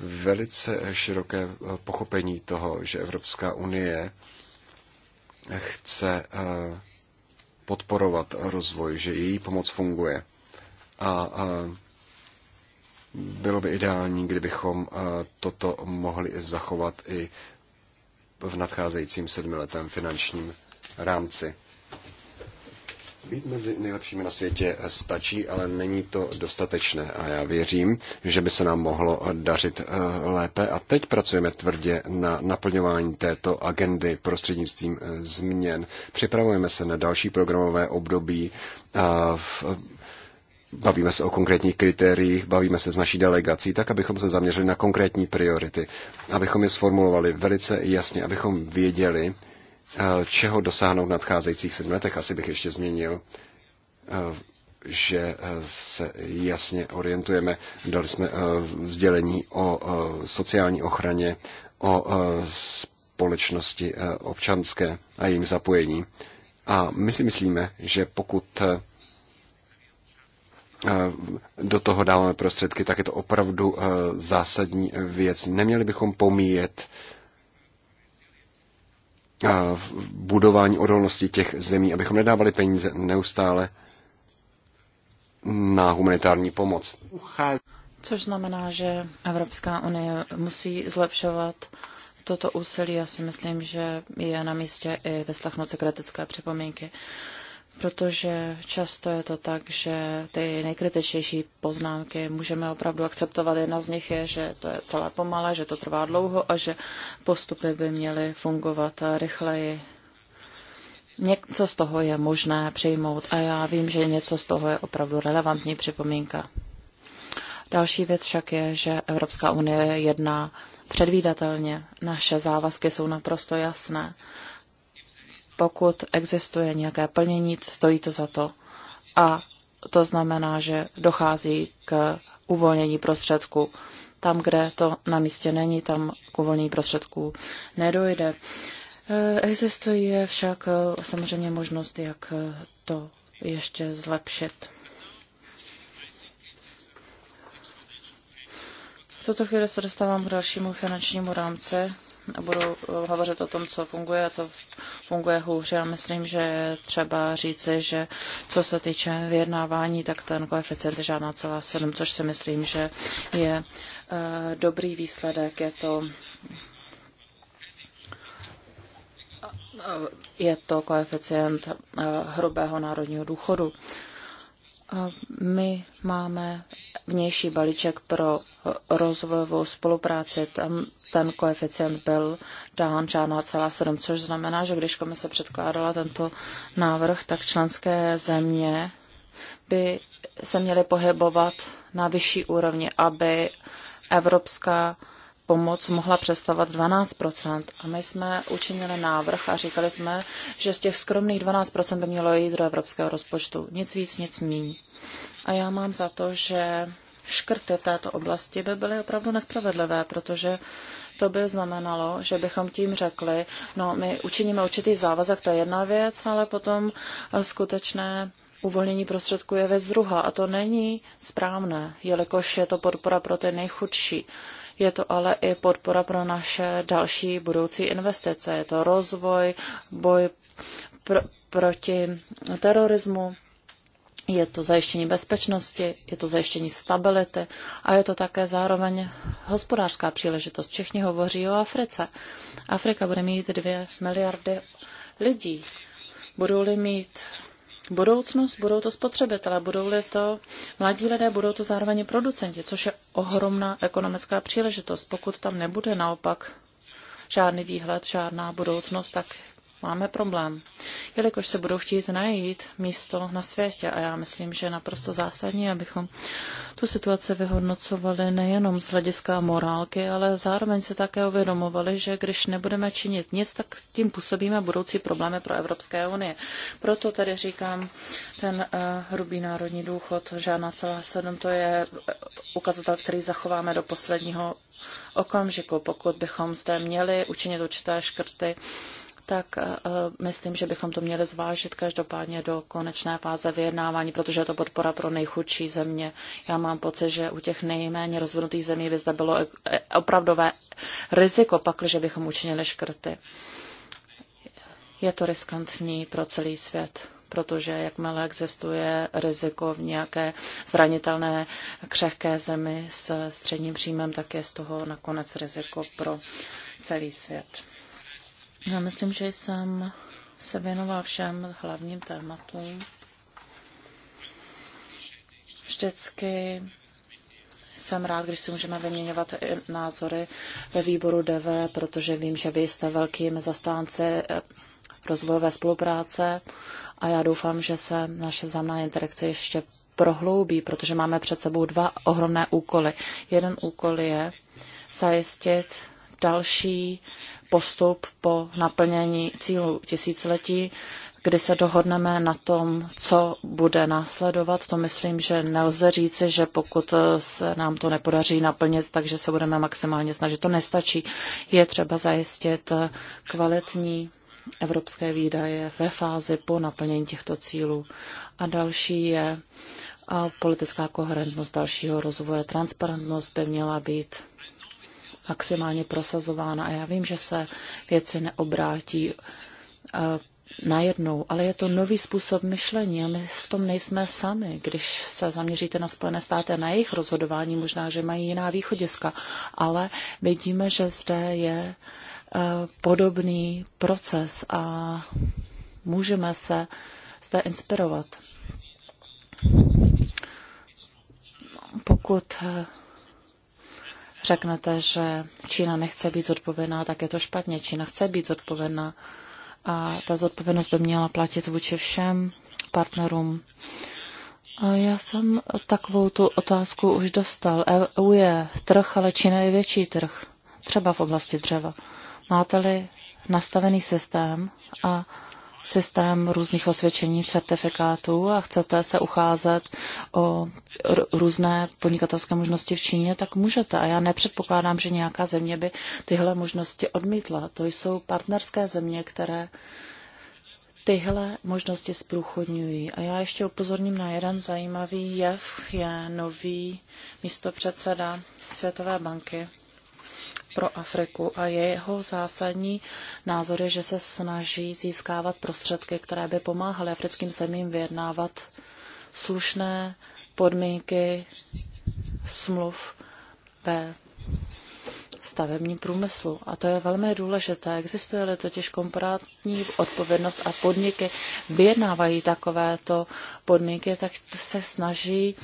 velice široké eh, pochopení toho, že Evropská unie chce podporovat rozvoj, že její pomoc funguje. A, a bylo by ideální, kdybychom eh, toto mohli zachovat i v nadcházejícím sedmiletém finančním rámci. Být mezi nejlepšími na světě eh, stačí, ale není to dostatečné a já věřím, že by se nám mohlo eh, dařit lépe a teď pracujeme tvrdě na naplňování této agendy prostřednictvím změn. Připravujeme se na další programové období v Bavíme se o konkrétních kritériích, bavíme se s naší delegací, tak abychom se zaměřili na konkrétní priority, abychom je sformulovali velice jasně, abychom věděli, eh, čeho dosáhnout v nadcházejících sedm letech. Asi bych ještě změnil, eh, že eh, se jasně orientujeme. Dali jsme sdělení o sociální ochraně, o společnosti občanské a jejím zapojení. A my si myslíme, že pokud Eh, do toho dáváme prostředky, tak je to opravdu eh, zásadní věc. Neměli bychom pomíjet eh, budování odolnosti těch zemí, abychom nedávali peníze neustále na humanitární pomoc. Což znamená, že Evropská unie musí zlepšovat toto úsilí. Já si myslím, že je na místě i vyslechnout se kritické připomínky protože často je to tak, že ty nejkritičtější poznámky můžeme opravdu akceptovat. Jedna z nich je, že to je celé pomalé, že to trvá dlouho a že postupy by měly fungovat rychleji. Něco z toho je možné přijmout a já vím, že něco z toho je opravdu relevantní připomínka. Další věc však je, že Evropská unie jedná předvídatelně. Naše závazky jsou naprosto jasné pokud existuje nějaké plnění, stojí to za to. A to znamená, že dochází k uvolnění prostředků. Tam, kde to na místě není, tam k uvolnění prostředků nedojde. Eh, existuje však eh, samozřejmě možnost, jak eh, to ještě zlepšit. V tuto chvíli se dostávám k dalšímu finančnímu rámci a budu eh, hovořit o tom, co funguje a co funguje hůře. Já myslím, že třeba říci, že co se týče vyjednávání, tak ten koeficient je žádná celá 7, což si myslím, že je eh, dobrý výsledek. Je to eh, je to koeficient hrubého národního důchodu. My máme vnější balíček pro rozvojovou spolupráci. Tam ten koeficient byl dán žádná celá sedm, což znamená, že když komise předkládala tento návrh, tak členské země by se měly pohybovat na vyšší úrovni, aby Evropská pomoc mohla představovat 12 A my jsme učinili návrh a říkali jsme, že z těch skromných 12 by mělo jít do evropského rozpočtu. Nic víc, nic míň. A já mám za to, že škrty v této oblasti by byly opravdu nespravedlivé, protože to by znamenalo, že bychom tím řekli, no my učiníme určitý závazek, to je jedna věc, ale potom skutečné uvolnění prostředků je věc druhá a to není správné, jelikož je to podpora pro ty nejchudší je to ale i podpora pro naše další budoucí investice. Je to rozvoj, boj pr- proti terorismu, je to zajištění bezpečnosti, je to zajištění stability a je to také zároveň hospodářská příležitost. Všichni hovoří o Africe. Afrika bude mít dvě miliardy lidí. Budou-li mít budoucnost, budou to spotřebitelé, budou-li to mladí lidé, budou to zároveň producenti, což je ohromná ekonomická příležitost. Pokud tam nebude naopak žádný výhled, žádná budoucnost, tak máme problém, jelikož se budou chtít najít místo na světě. A já myslím, že je naprosto zásadní, abychom tu situaci vyhodnocovali nejenom z hlediska morálky, ale zároveň se také uvědomovali, že když nebudeme činit nic, tak tím působíme budoucí problémy pro Evropské unie. Proto tady říkám, ten eh, hrubý národní důchod, žádná celá sedm, to je eh, ukazatel, který zachováme do posledního okamžiku, pokud bychom zde měli učinit určité škrty, tak eh, eh, myslím, že bychom to měli zvážit každopádně do konečné fáze vyjednávání, protože je to podpora pro nejchudší země. Já mám pocit, že u těch nejméně rozvinutých zemí by zde bylo eh, opravdové riziko, pakliže bychom učinili škrty. Je to riskantní pro celý svět protože jakmile existuje riziko v nějaké zranitelné křehké zemi s středním příjmem, tak je z toho nakonec riziko pro celý svět. Já myslím, že jsem se věnoval všem hlavním tématům. Vždycky jsem rád, když si můžeme vyměňovat názory ve výboru DV, protože vím, že vy jste velkým zastánce eh, rozvojové spolupráce a já doufám, že se naše vzájemná interakce ještě prohloubí, protože máme před sebou dva ohromné úkoly. Jeden úkol je zajistit další postup po naplnění cílu tisíciletí, kdy se dohodneme na tom, co bude následovat. To myslím, že nelze říci, že pokud se nám to nepodaří naplnit, takže se budeme maximálně snažit. To nestačí. Je třeba zajistit kvalitní evropské výdaje ve fázi po naplnění těchto cílů. A další je politická koherentnost dalšího rozvoje. Transparentnost by měla být maximálně prosazována. A já vím, že se věci neobrátí eh, najednou, ale je to nový způsob myšlení a my v tom nejsme sami. Když se zaměříte na Spojené státy a na jejich rozhodování, možná, že mají jiná východiska, ale vidíme, že zde je eh, podobný proces a můžeme se zde inspirovat. Pokud eh, řeknete, že Čína nechce být zodpovědná, tak je to špatně. Čína chce být zodpovědná a ta zodpovědnost by měla platit vůči všem partnerům. A já jsem takovou tu otázku už dostal. EU je trh, ale Čína je větší trh, třeba v oblasti dřeva. Máte-li nastavený systém a systém různých osvědčení, certifikátů a chcete se ucházet o různé podnikatelské možnosti v Číně, tak můžete. A já nepředpokládám, že nějaká země by tyhle možnosti odmítla. To jsou partnerské země, které tyhle možnosti zprůchodňují. A já ještě upozorním na jeden zajímavý jev. Je nový místopředseda Světové banky pro Afriku a jeho zásadní názor je, že se snaží získávat prostředky, které by pomáhaly africkým zemím vyjednávat slušné podmínky smluv ve stavebním průmyslu. A to je velmi důležité. Existuje-li totiž komparátní odpovědnost a podniky vyjednávají takovéto podmínky, tak se snaží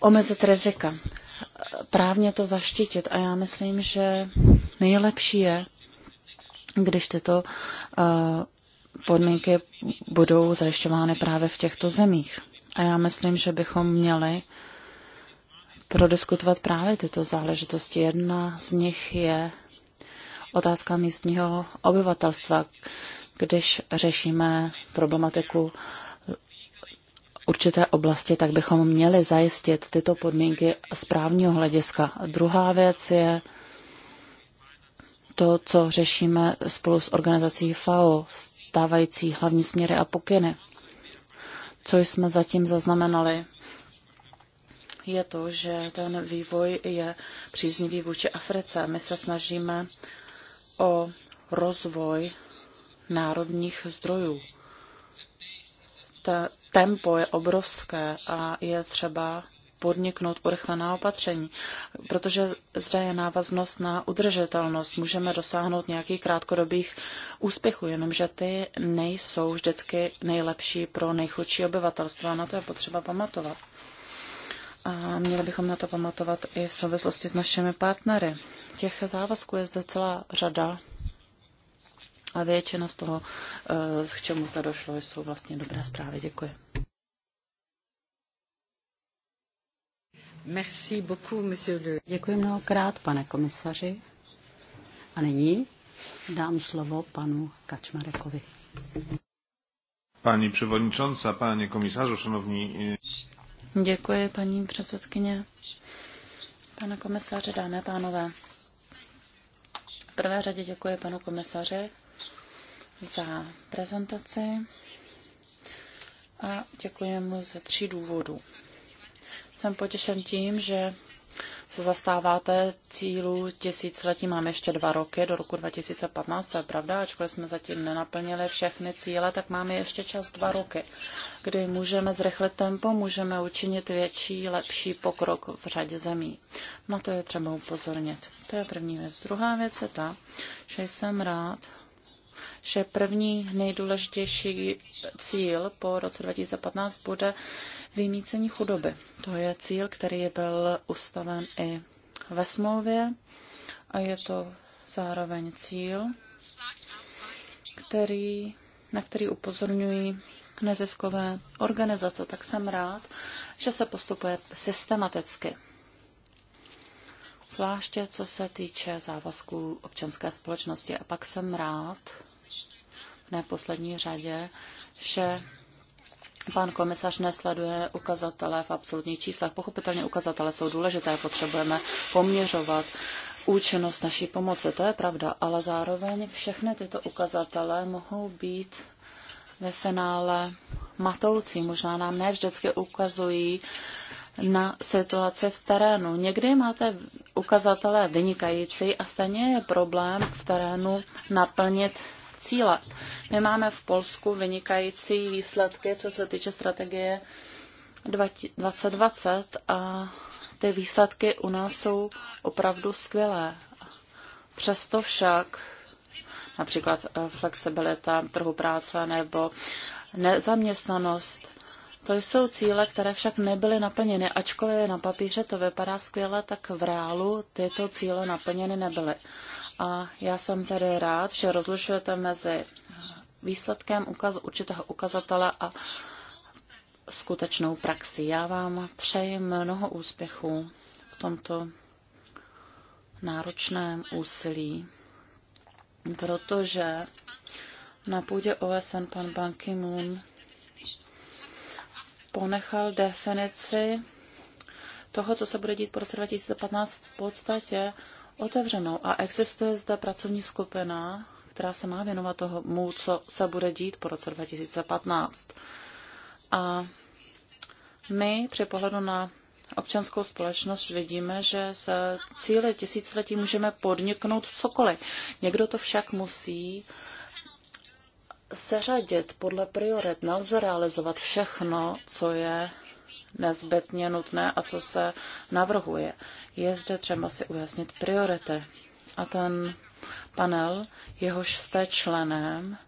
omezit rizika právně to zaštítit. A já myslím, že nejlepší je, když tyto eh, podmínky budou zajišťovány právě v těchto zemích. A já myslím, že bychom měli prodiskutovat právě tyto záležitosti. Jedna z nich je otázka místního obyvatelstva, když řešíme problematiku určité oblasti, tak bychom měli zajistit tyto podmínky z právního hlediska. druhá věc je to, co řešíme spolu s organizací FAO, stávající hlavní směry a pokyny. Co jsme zatím zaznamenali, je to, že ten vývoj je příznivý vůči Africe. My se snažíme o rozvoj národních zdrojů ta tempo je obrovské a je třeba podniknout urychlená opatření, protože zde je návaznost na udržitelnost. Můžeme dosáhnout nějakých krátkodobých úspěchů, jenomže ty nejsou vždycky nejlepší pro nejchudší obyvatelstvo a na to je potřeba pamatovat. A měli bychom na to pamatovat i v souvislosti s našimi partnery. Těch závazků je zde celá řada, a většina z toho, eh, k čemu to došlo, jsou vlastně dobré zprávy. Děkuji. Merci beaucoup, monsieur le... Děkuji mnohokrát, pane komisaři. A nyní dám slovo panu Kačmarekovi. Pani przewodnicząca, panie komisařu, šanovní... Děkuji, paní předsedkyně. Pane komisaři, dámy a pánové. V prvé řadě děkuji panu komisaři za prezentaci a děkuji mu ze tří důvodů. Jsem potěšen tím, že se zastáváte cílu tisíciletí. Máme ještě dva roky, do roku 2015, to je pravda, ačkoliv jsme zatím nenaplnili všechny cíle, tak máme ještě čas dva roky, kdy můžeme zrychlit tempo, můžeme učinit větší, lepší pokrok v řadě zemí. Na to je třeba upozornit. To je první věc. Druhá věc je ta, že jsem rád, že první nejdůležitější cíl po roce 2015 bude vymícení chudoby. To je cíl, který byl ustaven i ve smlouvě a je to zároveň cíl, který, na který upozorňují neziskové organizace. Tak jsem rád, že se postupuje systematicky zvláště co se týče závazků občanské společnosti. A pak jsem rád, ne v poslední řadě, že pan komisař nesleduje ukazatele v absolutních číslech. Pochopitelně ukazatele jsou důležité, potřebujeme poměřovat účinnost naší pomoci, to je pravda, ale zároveň všechny tyto ukazatele mohou být ve finále matoucí. Možná nám ne vždycky ukazují na situaci v terénu. Někdy máte ukazatele vynikající a stejně je problém v terénu naplnit cíle. My máme v Polsku vynikající výsledky, co se týče strategie 2020 a ty výsledky u nás jsou opravdu skvělé. Přesto však například eh, flexibilita trhu práce nebo nezaměstnanost. To jsou cíle, které však nebyly naplněny. Ačkoliv na papíře to vypadá skvěle, tak v reálu tyto cíle naplněny nebyly. A já jsem tedy rád, že rozlišujete mezi výsledkem ukaz, určitého ukazatele a skutečnou praxi. Já vám přeji mnoho úspěchů v tomto náročném úsilí, protože na půdě OSN pan Ban Ki-moon ponechal definici toho, co se bude dít po roce 2015 v podstatě otevřenou a existuje zde pracovní skupina, která se má věnovat tomu, co se bude dít po roce 2015. A my při pohledu na občanskou společnost vidíme, že z cíle tisíciletí můžeme podniknout cokoliv. Někdo to však musí seřadit podle priorit. Nelze realizovat všechno, co je nezbytně nutné a co se navrhuje. Je zde třeba si ujasnit priority. A ten panel, jehož jste členem,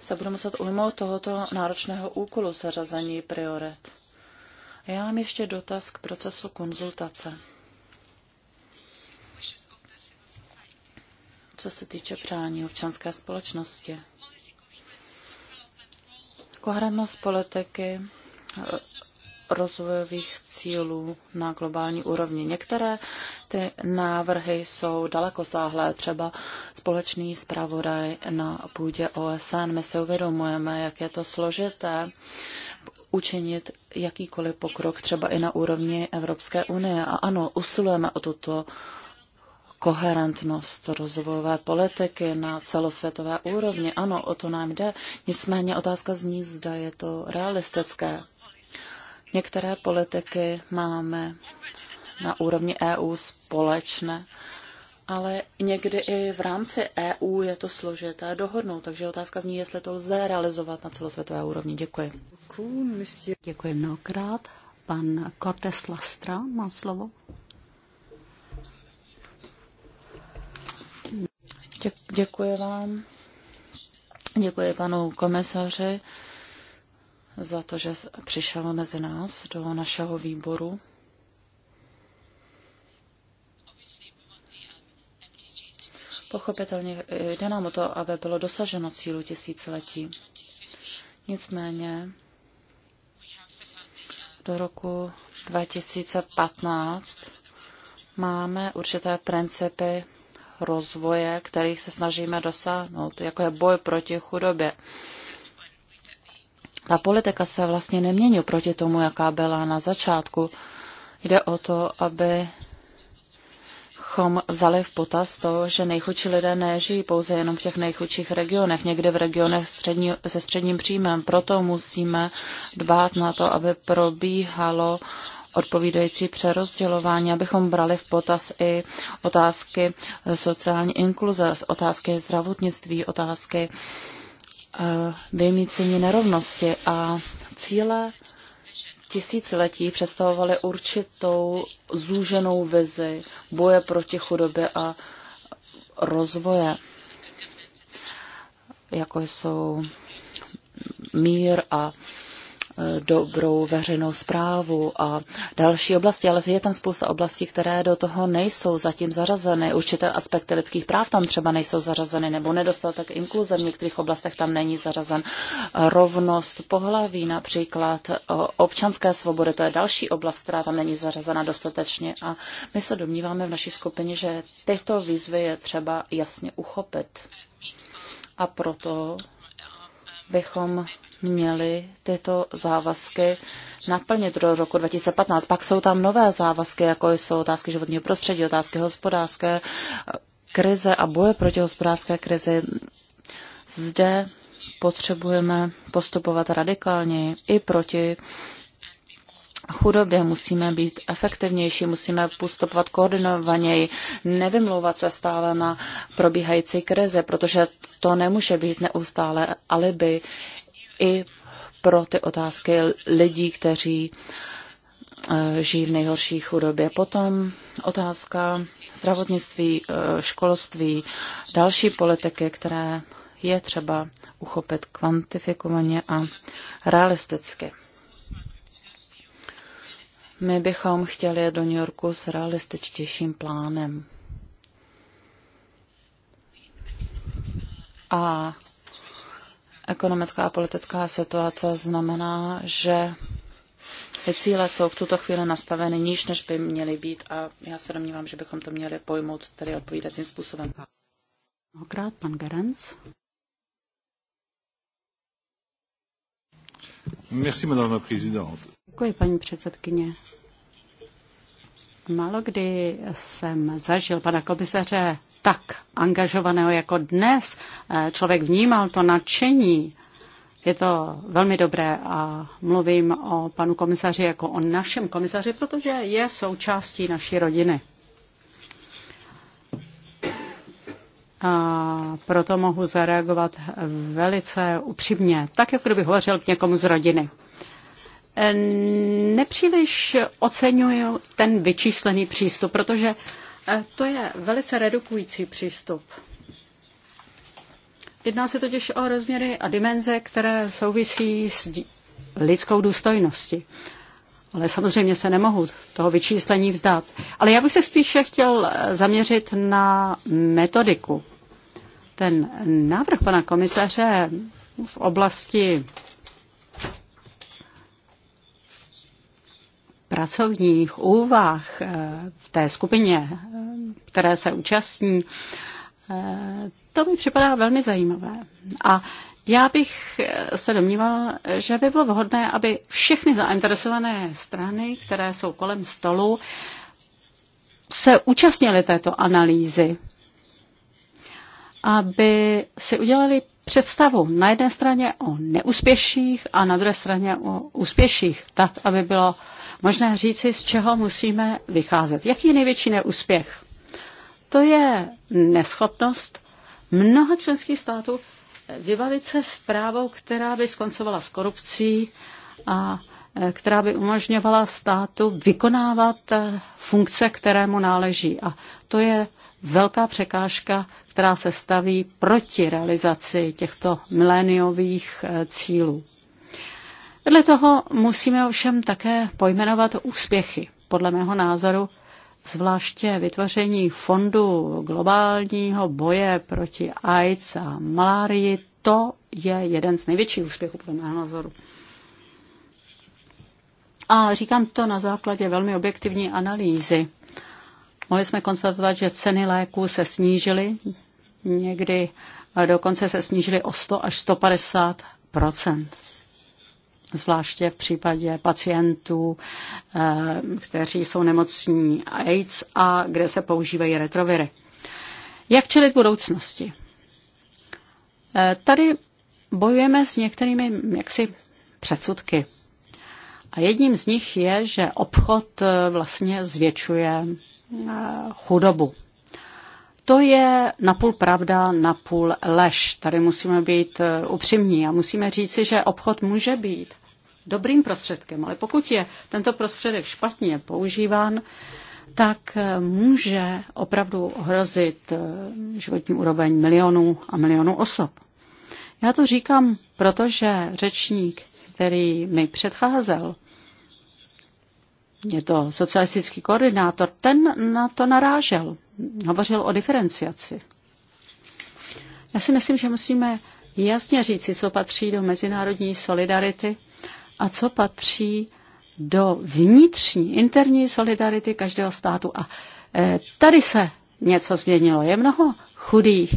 se bude muset ujmout tohoto náročného úkolu seřazení priorit. Já mám ještě dotaz k procesu konzultace. Co se týče přání občanské společnosti. Koherentnost politiky rozvojových cílů na globální úrovni. Některé ty návrhy jsou sáhlé, třeba společný zpravodaj na půdě OSN. My si uvědomujeme, jak je to složité učinit jakýkoliv pokrok, třeba i na úrovni Evropské unie. A ano, usilujeme o tuto koherentnost rozvojové politiky na celosvětové úrovni. Ano, o to nám jde. Nicméně otázka zní, zda je to realistické. Některé politiky máme na úrovni EU společné, ale někdy i v rámci EU je to složité dohodnout, takže otázka zní, jestli to lze realizovat na celosvětové úrovni. Děkuji. Děkuji mnohokrát. Pan Cortes Lastra má slovo. Děkuji vám. Děkuji panu komisaři za to, že přišel mezi nás do našeho výboru. Pochopitelně jde nám o to, aby bylo dosaženo cílu tisíciletí. Nicméně do roku 2015 máme určité principy rozvoje, kterých se snažíme dosáhnout, jako je boj proti chudobě. Ta politika se vlastně nemění proti tomu, jaká byla na začátku. Jde o to, aby vzali v potaz to, že nejchudší lidé nežijí pouze jenom v těch nejchudších regionech, někde v regionech střední, se středním příjmem. Proto musíme dbát na to, aby probíhalo odpovídající přerozdělování, abychom brali v potaz i otázky sociální inkluze, otázky zdravotnictví, otázky uh, Eh, vymícení nerovnosti a cíle tisíciletí představovaly určitou zúženou vizi boje proti chudobě a rozvoje, jako jsou mír a dobrou veřejnou zprávu a další oblasti, ale je tam spousta oblastí, které do toho nejsou zatím zařazeny. Určité aspekty lidských práv tam třeba nejsou zařazeny nebo nedostatek inkluze v některých oblastech tam není zařazen. Rovnost pohlaví například, občanské svobody, to je další oblast, která tam není zařazena dostatečně a my se domníváme v naší skupině, že tyto výzvy je třeba jasně uchopit. A proto bychom měli tyto závazky naplnit do roku 2015. Pak jsou tam nové závazky, jako jsou otázky životního prostředí, otázky hospodářské krize a boje proti hospodářské krizi. Zde potřebujeme postupovat radikálně i proti chudobě, musíme být efektivnější, musíme postupovat koordinovaněji, nevymlouvat se stále na probíhající krize, protože to nemůže být neustále alibi i pro ty otázky lidí, kteří eh, žijí v nejhorší chudobě. Potom otázka zdravotnictví, eh, školství, další politiky, které je třeba uchopit kvantifikovaně a realisticky. My bychom chtěli do New Yorku s realističtějším plánem. A Ekonomická a politická situace znamená, že ty cíle jsou v tuto chvíli nastaveny níž, než by měly být a já se domnívám, že bychom to měli pojmout tedy odpovídacím způsobem. Mnohokrát pan Garenc. Merci, madame la présidente. Děkuji, paní předsedkyně. Málo kdy jsem zažil pana komisaře tak angažovaného jako dnes. Eh, člověk vnímal to nadšení. Je to velmi dobré a mluvím o panu komisaři jako o našem komisaři, protože je součástí naší rodiny. A proto mohu zareagovat velice upřímně, tak jako kdybych hovořil k někomu z rodiny. Eh, nepříliš oceňuju ten vyčíslený přístup, protože to je velice redukující přístup. Jedná se totiž o rozměry a dimenze, které souvisí s lidskou důstojností. Ale samozřejmě se nemohu toho vyčíslení vzdát. Ale já bych se spíše chtěl eh, zaměřit na metodiku. Ten návrh pana komisaře v oblasti pracovních úvah eh, v té skupině, eh, které se účastní, eh, to mi připadá velmi zajímavé. A já bych se domníval, že by bylo vhodné, aby všechny zainteresované strany, které jsou kolem stolu, se účastnili této analýzy, aby si udělali představu na jedné straně o neúspěších a na druhé straně o úspěších, tak, aby bylo možné říci, z čeho musíme vycházet. Jaký je největší neúspěch? To je neschopnost mnoha členských států vybavit se zprávou, která by skoncovala s korupcí a e, která by umožňovala státu vykonávat e, funkce, které mu náleží. A to je velká překážka, která se staví proti realizaci těchto miléniových e, cílů. Vedle toho musíme ovšem také pojmenovat úspěchy. Podle mého názoru zvláště vytvoření fondu globálního boje proti AIDS a malárii, to je jeden z největších úspěchů podle mého názoru. A říkám to na základě velmi objektivní analýzy. Mohli jsme konstatovat, že ceny léků se snížily, někdy dokonce se snížily o 100 až 150 zvláště v případě pacientů, eh, kteří jsou nemocní AIDS a kde se používají retroviry. Jak čelit budoucnosti? Eh, tady bojujeme s některými jaksi předsudky. A jedním z nich je, že obchod eh, vlastně zvětšuje chudobu. To je napůl pravda, napůl lež. Tady musíme být eh, upřímní a musíme říci, že obchod může být dobrým prostředkem, ale pokud je tento prostředek špatně používán, tak eh, může opravdu ohrozit eh, životní úroveň milionů a milionů osob. Já to říkám, protože řečník, který mi předcházel, je to socialistický koordinátor, ten na to narážel. Hovořil o diferenciaci. Já si myslím, že musíme jasně říci, co patří do mezinárodní solidarity a co patří do vnitřní, interní solidarity každého státu. A eh, tady se něco změnilo. Je mnoho chudých,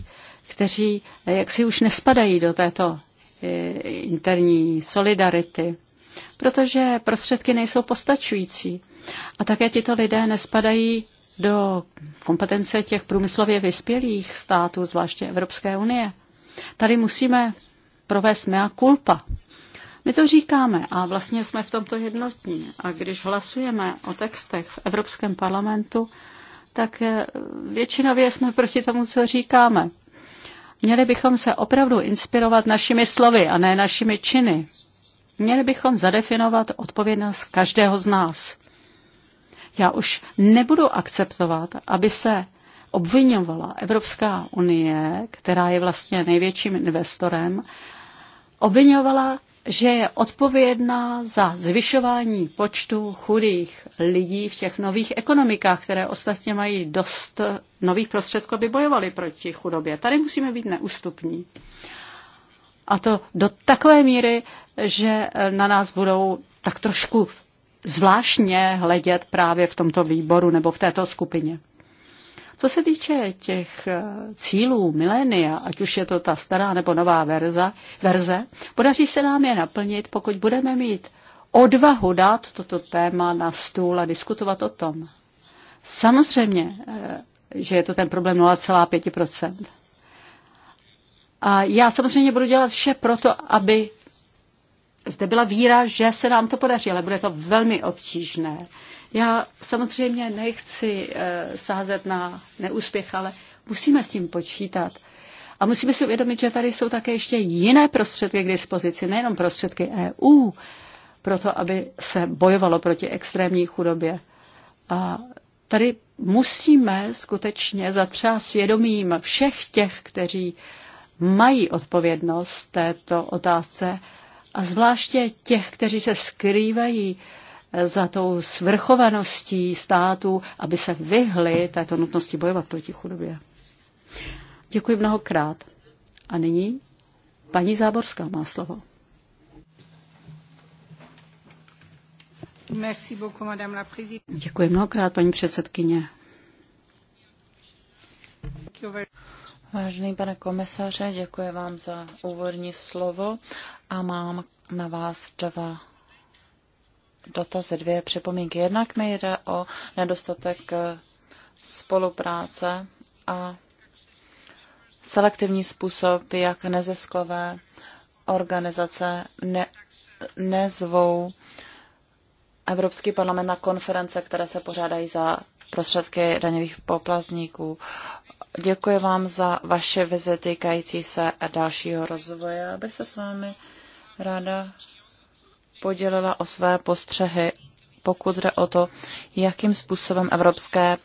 kteří eh, jaksi už nespadají do této eh, interní solidarity protože prostředky nejsou postačující. A také tito lidé nespadají do kompetence těch průmyslově vyspělých států, zvláště Evropské unie. Tady musíme provést mea culpa. My to říkáme a vlastně jsme v tomto jednotní. A když hlasujeme o textech v Evropském parlamentu, tak eh, většinově jsme proti tomu, co říkáme. Měli bychom se opravdu inspirovat našimi slovy a ne našimi činy. Měli bychom zadefinovat odpovědnost každého z nás. Já už nebudu akceptovat, aby se obvinovala Evropská unie, která je vlastně největším investorem, obvinovala, že je odpovědná za zvyšování počtu chudých lidí v těch nových ekonomikách, které ostatně mají dost nových prostředků, aby bojovali proti chudobě. Tady musíme být neústupní. A to do takové míry, že na nás budou tak trošku zvláštně hledět právě v tomto výboru nebo v této skupině. Co se týče těch eh, cílů milénia, ať už je to ta stará nebo nová verze, verze, podaří se nám je naplnit, pokud budeme mít odvahu dát toto téma na stůl a diskutovat o tom. Samozřejmě, eh, že je to ten problém 0,5%. A já samozřejmě budu dělat vše proto, aby zde byla víra, že se nám to podaří, ale bude to velmi obtížné. Já samozřejmě nechci uh, sázet na neúspěch, ale musíme s tím počítat. A musíme si uvědomit, že tady jsou také ještě jiné prostředky k dispozici, nejenom prostředky EU, proto aby se bojovalo proti extrémní chudobě. A tady musíme skutečně zatřást svědomím všech těch, kteří mají odpovědnost této otázce a zvláště těch, kteří se skrývají eh, za tou svrchovaností státu, aby se vyhli této nutnosti bojovat proti chudobě. Děkuji mnohokrát. A nyní paní Záborská má slovo. Děkuji mnohokrát, paní předsedkyně. Vážený pane komisaře, děkuji vám za úvodní slovo a mám na vás dva dotazy, dvě připomínky. Jednak mi jde o nedostatek eh, spolupráce a selektivní způsob, jak neziskové organizace ne, nezvou Evropský parlament na konference, které se pořádají za prostředky daňových poplatníků. Děkuji vám za vaše vize týkající se dalšího rozvoje. bych se s vámi ráda podělila o své postřehy, pokud jde o to, jakým způsobem evropské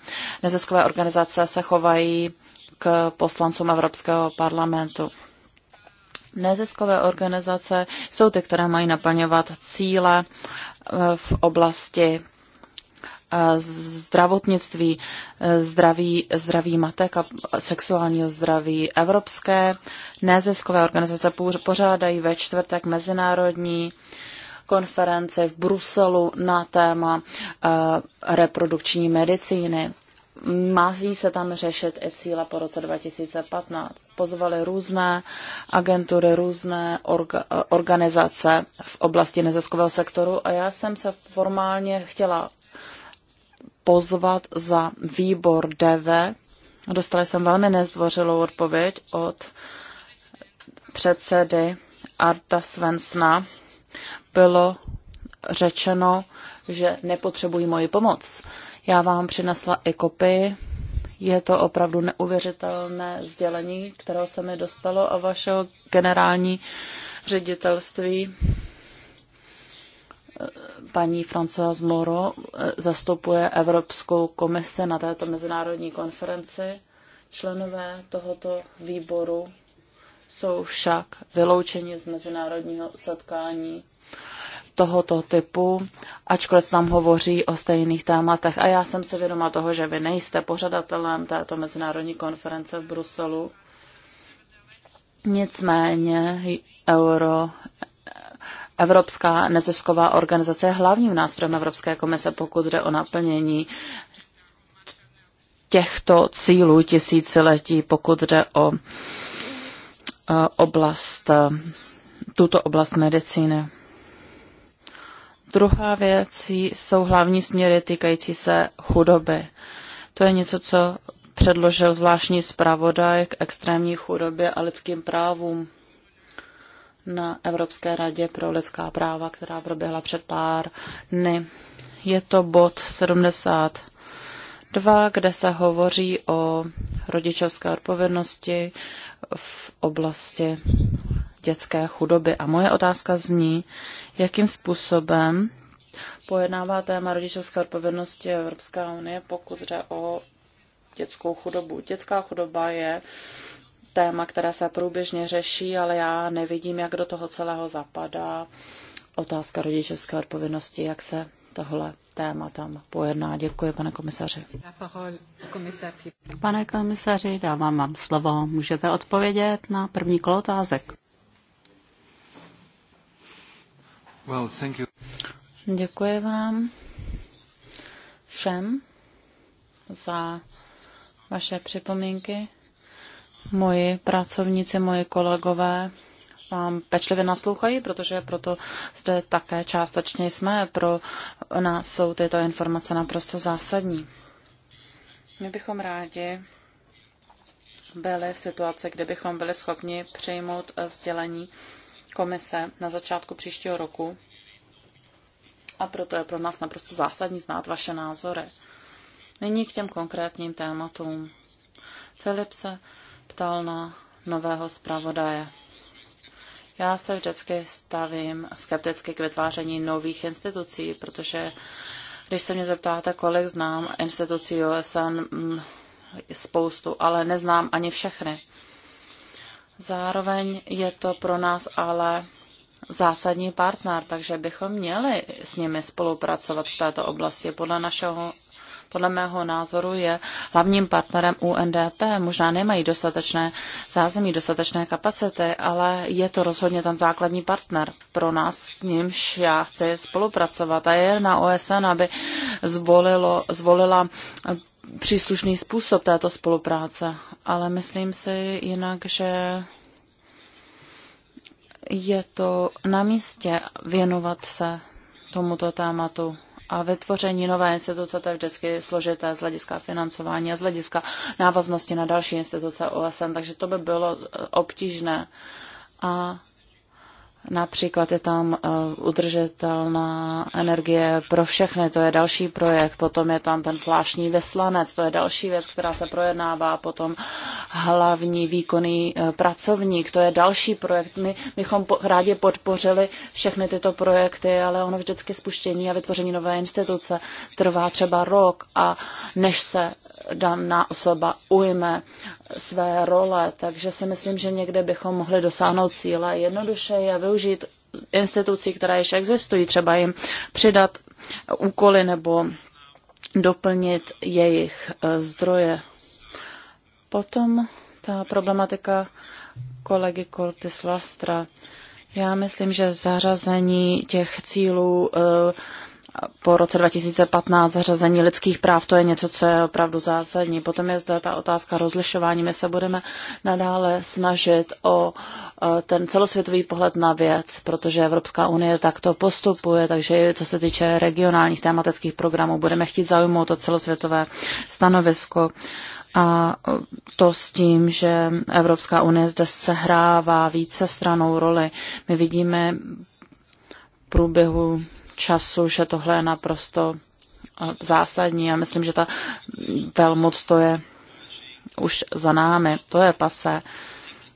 neziskové organizace se chovají k poslancům Evropského parlamentu. Neziskové organizace jsou ty, které mají naplňovat cíle eh, v oblasti zdravotnictví, zdraví, zdraví matek a sexuálního zdraví. Evropské neziskové organizace pořádají ve čtvrtek mezinárodní konferenci v Bruselu na téma e, reprodukční medicíny. Má se tam řešit i cíle po roce 2015. Pozvali různé agentury, různé orga, organizace v oblasti neziskového sektoru a já jsem se formálně chtěla pozvat za výbor DV. Dostali jsem velmi nezdvořilou odpověď od předsedy Arta Svensna. Bylo řečeno, že nepotřebují moji pomoc. Já vám přinesla i kopii. Je to opravdu neuvěřitelné sdělení, kterého se mi dostalo a vašeho generální ředitelství paní Françoise Moro eh, zastupuje Evropskou komisi na této mezinárodní konferenci. Členové tohoto výboru jsou však vyloučeni z mezinárodního setkání tohoto typu, ačkoliv nám hovoří o stejných tématech. A já jsem si vědoma toho, že vy nejste pořadatelem této mezinárodní konference v Bruselu. Nicméně Euro Evropská nezisková organizace je hlavním nástrojem Evropské komise, pokud jde o naplnění těchto cílů tisíciletí, pokud jde o eh, oblast, eh, tuto oblast medicíny. Druhá věc jsou hlavní směry týkající se chudoby. To je něco, co předložil zvláštní zpravodaj k extrémní chudobě a lidským právům na Evropské radě pro lidská práva, která proběhla před pár dny. Je to bod 72, kde se hovoří o rodičovské odpovědnosti v oblasti dětské chudoby. A moje otázka zní, jakým způsobem pojednává téma rodičovské odpovědnosti Evropská unie, pokud jde o dětskou chudobu. Dětská chudoba je téma, které se průběžně řeší, ale já nevidím, jak do toho celého zapadá otázka rodičovské odpovědnosti, jak se tohle téma tam pojedná. Děkuji, pane komisaři. Pane komisaři, dávám vám slovo. Můžete odpovědět na první kolo otázek. Well, thank you. Děkuji vám všem za vaše připomínky. Moji pracovníci, moji kolegové vám pečlivě naslouchají, protože proto zde také částečně jsme. Pro nás jsou tyto informace naprosto zásadní. My bychom rádi byli v situaci, kde bychom byli schopni přijmout eh, sdělení komise na začátku příštího roku. A proto je pro nás naprosto zásadní znát vaše názory. Nyní k těm konkrétním tématům. Filip se ptal na nového zpravodaje. Já se vždycky stavím skepticky k vytváření nových institucí, protože když se mě zeptáte, kolik znám institucí OSN, mm, spoustu, ale neznám ani všechny. Zároveň je to pro nás ale zásadní partner, takže bychom měli s nimi spolupracovat v této oblasti. Podle našeho podle mého názoru je hlavním partnerem UNDP. Možná nemají dostatečné zázemí, dostatečné kapacity, ale je to rozhodně ten základní partner pro nás, s nímž já chci spolupracovat. A je na OSN, aby zvolilo, zvolila příslušný způsob této spolupráce. Ale myslím si jinak, že je to na místě věnovat se tomuto tématu a vytvoření nové instituce, to je vždycky složité z hlediska financování a z hlediska návaznosti na další instituce OSN, takže to by bylo eh, obtížné. A Například je tam eh, udržitelná energie pro všechny, to je další projekt, potom je tam ten zvláštní veslanec, to je další věc, která se projednává, potom hlavní výkonný eh, pracovník, to je další projekt. My bychom rádi podpořili všechny tyto projekty, ale ono vždycky spuštění a vytvoření nové instituce trvá třeba rok a než se daná osoba ujme své role, takže si myslím, že někde bychom mohli dosáhnout cíle. Jednoduše a využít institucí, které již existují, třeba jim přidat úkoly nebo doplnit jejich eh, zdroje. Potom ta problematika kolegy Cortis Lastra. Já myslím, že zařazení těch cílů uh, po roce 2015 zařazení lidských práv, to je něco, co je opravdu zásadní. Potom je zde ta otázka rozlišování. My se budeme nadále snažit o e, ten celosvětový pohled na věc, protože Evropská unie takto postupuje, takže co se týče regionálních tematických programů, budeme chtít zaujmout to celosvětové stanovisko. A to s tím, že Evropská unie zde sehrává více stranou roli. My vidíme průběhu času, že tohle je naprosto eh, zásadní. Já myslím, že ta velmoc to je už za námi, to je pase.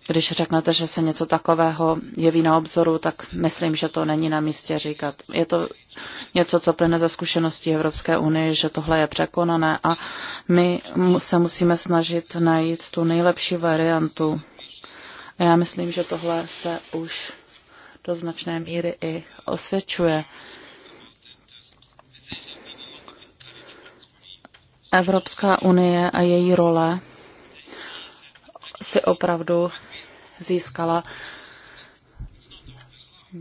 Když řeknete, že se něco takového jeví na obzoru, tak myslím, že to není na místě říkat. Je to něco, co plyne ze zkušeností Evropské unie, že tohle je překonané a my se musíme snažit najít tu nejlepší variantu. A já myslím, že tohle se už do značné míry i osvědčuje. Evropská unie a její role si opravdu získala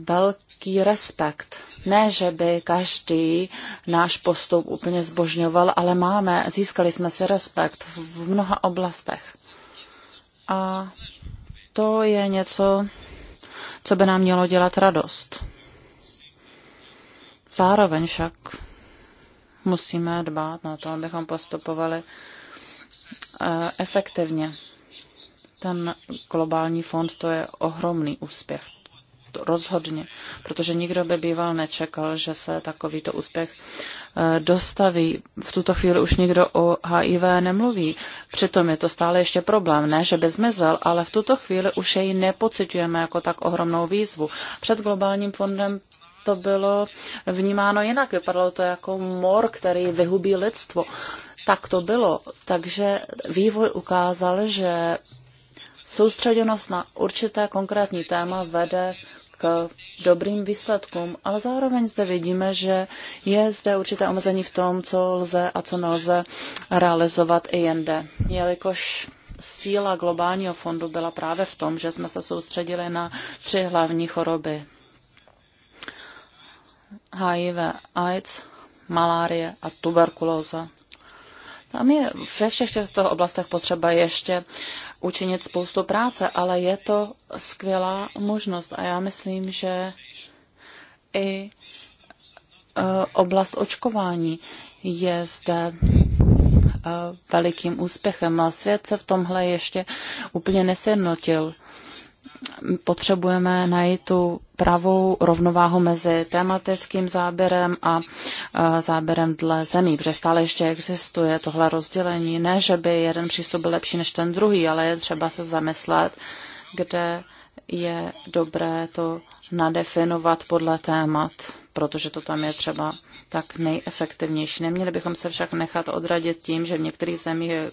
velký respekt. Ne, že by každý náš postup úplně zbožňoval, ale máme, získali jsme si respekt v mnoha oblastech. A to je něco, co by nám mělo dělat radost. Zároveň však musíme dbát na to, abychom postupovali eh, efektivně. Ten globální fond to je ohromný úspěch. Rozhodně, protože nikdo by býval nečekal, že se takovýto úspěch eh, dostaví. V tuto chvíli už nikdo o HIV nemluví. Přitom je to stále ještě problém. Ne, že by zmizel, ale v tuto chvíli už jej nepocitujeme jako tak ohromnou výzvu. Před globálním fondem to bylo vnímáno jinak. Vypadalo to jako mor, který vyhubí lidstvo. Tak to bylo. Takže vývoj ukázal, že soustředěnost na určité konkrétní téma vede k dobrým výsledkům, ale zároveň zde vidíme, že je zde určité omezení v tom, co lze a co nelze realizovat i jinde. Jelikož síla globálního fondu byla právě v tom, že jsme se soustředili na tři hlavní choroby. HIV, AIDS, malárie a tuberkulóza. Tam no je ve všech těchto oblastech potřeba ještě učinit spoustu práce, ale je to skvělá možnost a já myslím, že i e, oblast očkování je zde e, velikým úspěchem a svět se v tomhle ještě úplně nesjednotil potřebujeme najít tu pravou rovnováhu mezi tematickým záběrem a e, záběrem dle zemí, protože stále ještě existuje tohle rozdělení. Ne, že by jeden přístup byl lepší než ten druhý, ale je třeba se zamyslet, kde je dobré to nadefinovat podle témat, protože to tam je třeba tak nejefektivnější. Neměli bychom se však nechat odradit tím, že v některých zemích je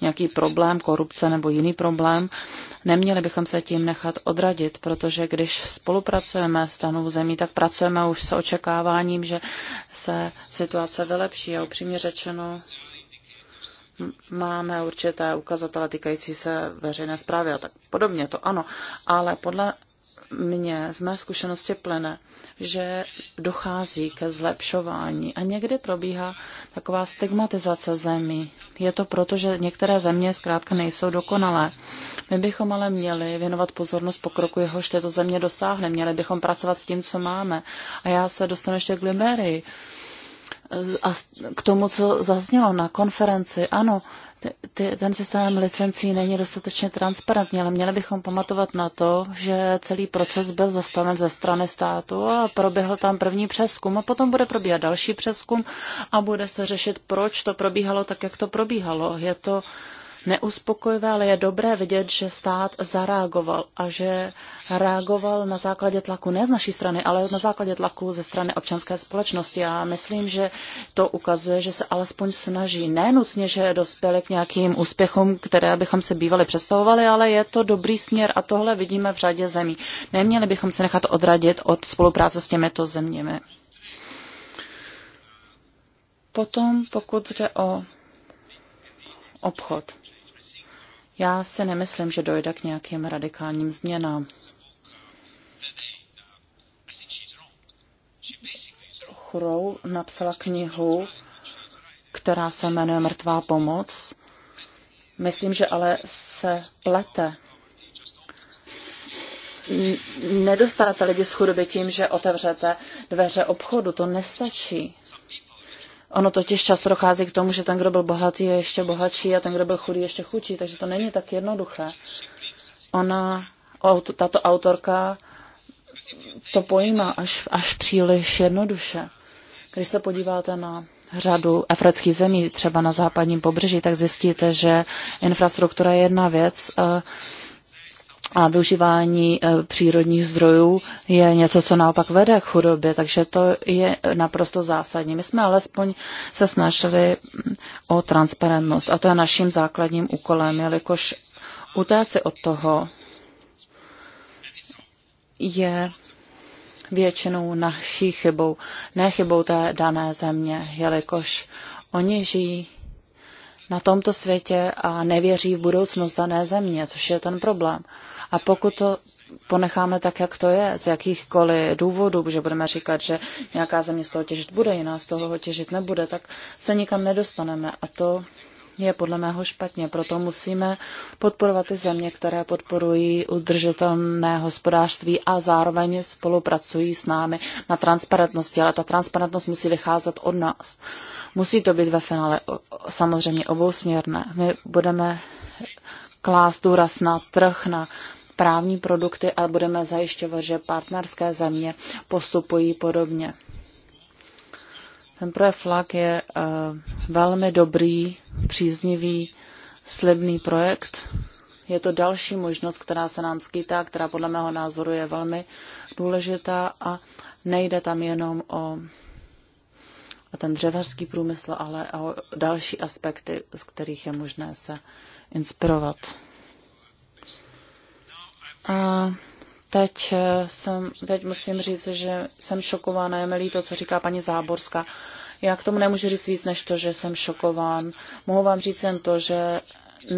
nějaký problém, korupce nebo jiný problém. Neměli bychom se tím nechat odradit, protože když spolupracujeme s danou zemí, tak pracujeme už s očekáváním, že se situace vylepší. A upřímně řečeno, máme určité ukazatele týkající se veřejné zprávy a tak podobně, to ano, ale podle mě z mé zkušenosti plene, že dochází ke zlepšování a někdy probíhá taková stigmatizace zemí. Je to proto, že některé země zkrátka nejsou dokonalé. My bychom ale měli věnovat pozornost pokroku, jehož této země dosáhne. Měli bychom pracovat s tím, co máme. A já se dostanu ještě k Liberii a k tomu, co zaznělo na konferenci. Ano, ten systém licencí není dostatečně transparentní, ale měli bychom pamatovat na to, že celý proces byl zastaven ze strany státu a proběhl tam první přeskum a potom bude probíhat další přeskum a bude se řešit, proč to probíhalo tak, jak to probíhalo. Je to uh, neuspokojivé, ale je dobré vidět, že stát zareagoval a že reagoval na základě tlaku ne z naší strany, ale na základě tlaku ze strany občanské společnosti. Já myslím, že to ukazuje, že se alespoň snaží. Ne že dospěli k nějakým úspěchům, které bychom se bývali představovali, ale je to dobrý směr a tohle vidíme v řadě zemí. Neměli bychom se nechat odradit od spolupráce s těmito zeměmi. Potom, pokud jde o obchod. Já si nemyslím, že dojde k nějakým radikálním změnám. Churou napsala knihu, která se jmenuje Mrtvá pomoc. Myslím, že ale se plete. Nedostanete lidi z chudoby tím, že otevřete dveře obchodu. To nestačí. Ono totiž často dochází k tomu, že ten, kdo byl bohatý, je ještě bohatší a ten, kdo byl chudý, ještě chudší, takže to není tak jednoduché. Ona, tato autorka to pojímá až, až příliš jednoduše. Když se podíváte na řadu afrických zemí, třeba na západním pobřeží, tak zjistíte, že infrastruktura je jedna věc, eh, a využívání e, přírodních zdrojů je něco, co naopak vede k chudobě, takže to je naprosto zásadní. My jsme alespoň se snažili mm, o transparentnost a to je naším základním úkolem, jelikož utéci od toho je většinou naší chybou, ne chybou té dané země, jelikož oni žijí na tomto světě a nevěří v budoucnost dané země, což je ten problém. A pokud to ponecháme tak, jak to je, z jakýchkoliv důvodů, že budeme říkat, že nějaká země z toho těžit bude, jiná z toho těžit nebude, tak se nikam nedostaneme. A to je podle mého špatně. Proto musíme podporovat ty země, které podporují udržitelné hospodářství a zároveň spolupracují s námi na transparentnosti. Ale ta transparentnost musí vycházet od nás. Musí to být ve finále samozřejmě obousměrné. My budeme klást důraz na trh, na právní produkty a budeme zajišťovat, že partnerské země postupují podobně. Ten projekt FLAG je eh, velmi dobrý, příznivý, slibný projekt. Je to další možnost, která se nám skýtá, která podle mého názoru je velmi důležitá a nejde tam jenom o a ten dřevařský průmysl, ale o další aspekty, z kterých je možné se inspirovat. A teď, eh, jsem, teď musím říct, že jsem šokovaná, je mi líto, co říká paní Záborská. Já k tomu nemůžu říct víc, než to, že jsem šokován. Mohu vám říct jen to, že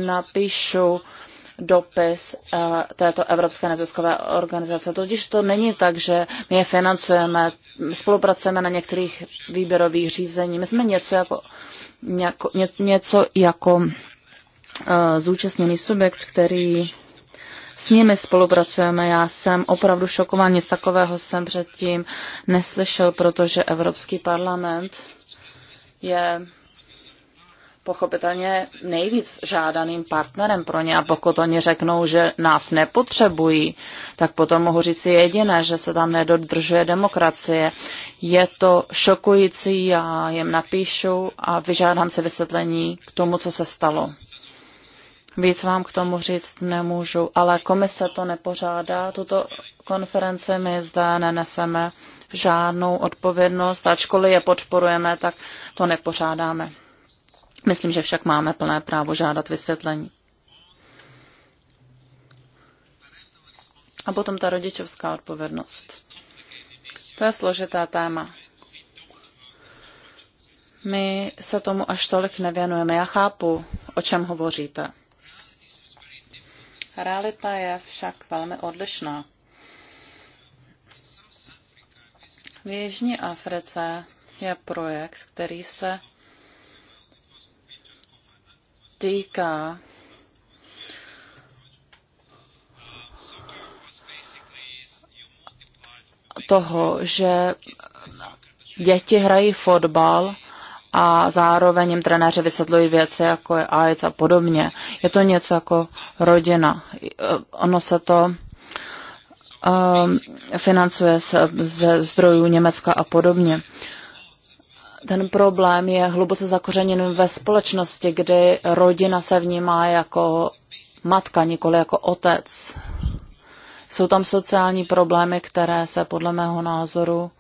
napíšu dopis uh, této Evropské neziskové organizace. Totiž to není tak, že my je financujeme, spolupracujeme na některých výběrových řízení. My jsme něco jako, ně, něco jako uh, zúčastněný subjekt, který s nimi spolupracujeme. Já jsem opravdu šokován, nic takového jsem předtím neslyšel, protože Evropský parlament je pochopitelně nejvíc žádaným partnerem pro ně a pokud oni řeknou, že nás nepotřebují, tak potom mohu říci jediné, že se tam nedodržuje demokracie. Je to šokující, já jim napíšu a vyžádám se vysvětlení k tomu, co se stalo. Víc vám k tomu říct nemůžu, ale komise to nepořádá. Tuto konference my zde neneseme žádnou odpovědnost. Ačkoliv je podporujeme, tak to nepořádáme. Myslím, že však máme plné právo žádat vysvětlení. A potom ta rodičovská odpovědnost. To je složitá téma. My se tomu až tolik nevěnujeme. Já chápu, o čem hovoříte. Realita je však velmi odlišná. V Jižní Africe je projekt, který se týká toho, že děti hrají fotbal a zároveň jim trenéři vysvětlují věci, jako je AIDS a podobně. Je to něco jako rodina. E, ono se to um, financuje se ze zdrojů Německa a podobně. Ten problém je hluboce zakořeněn ve společnosti, kdy rodina se vnímá jako matka, nikoli jako otec. Jsou tam sociální problémy, které se podle mého názoru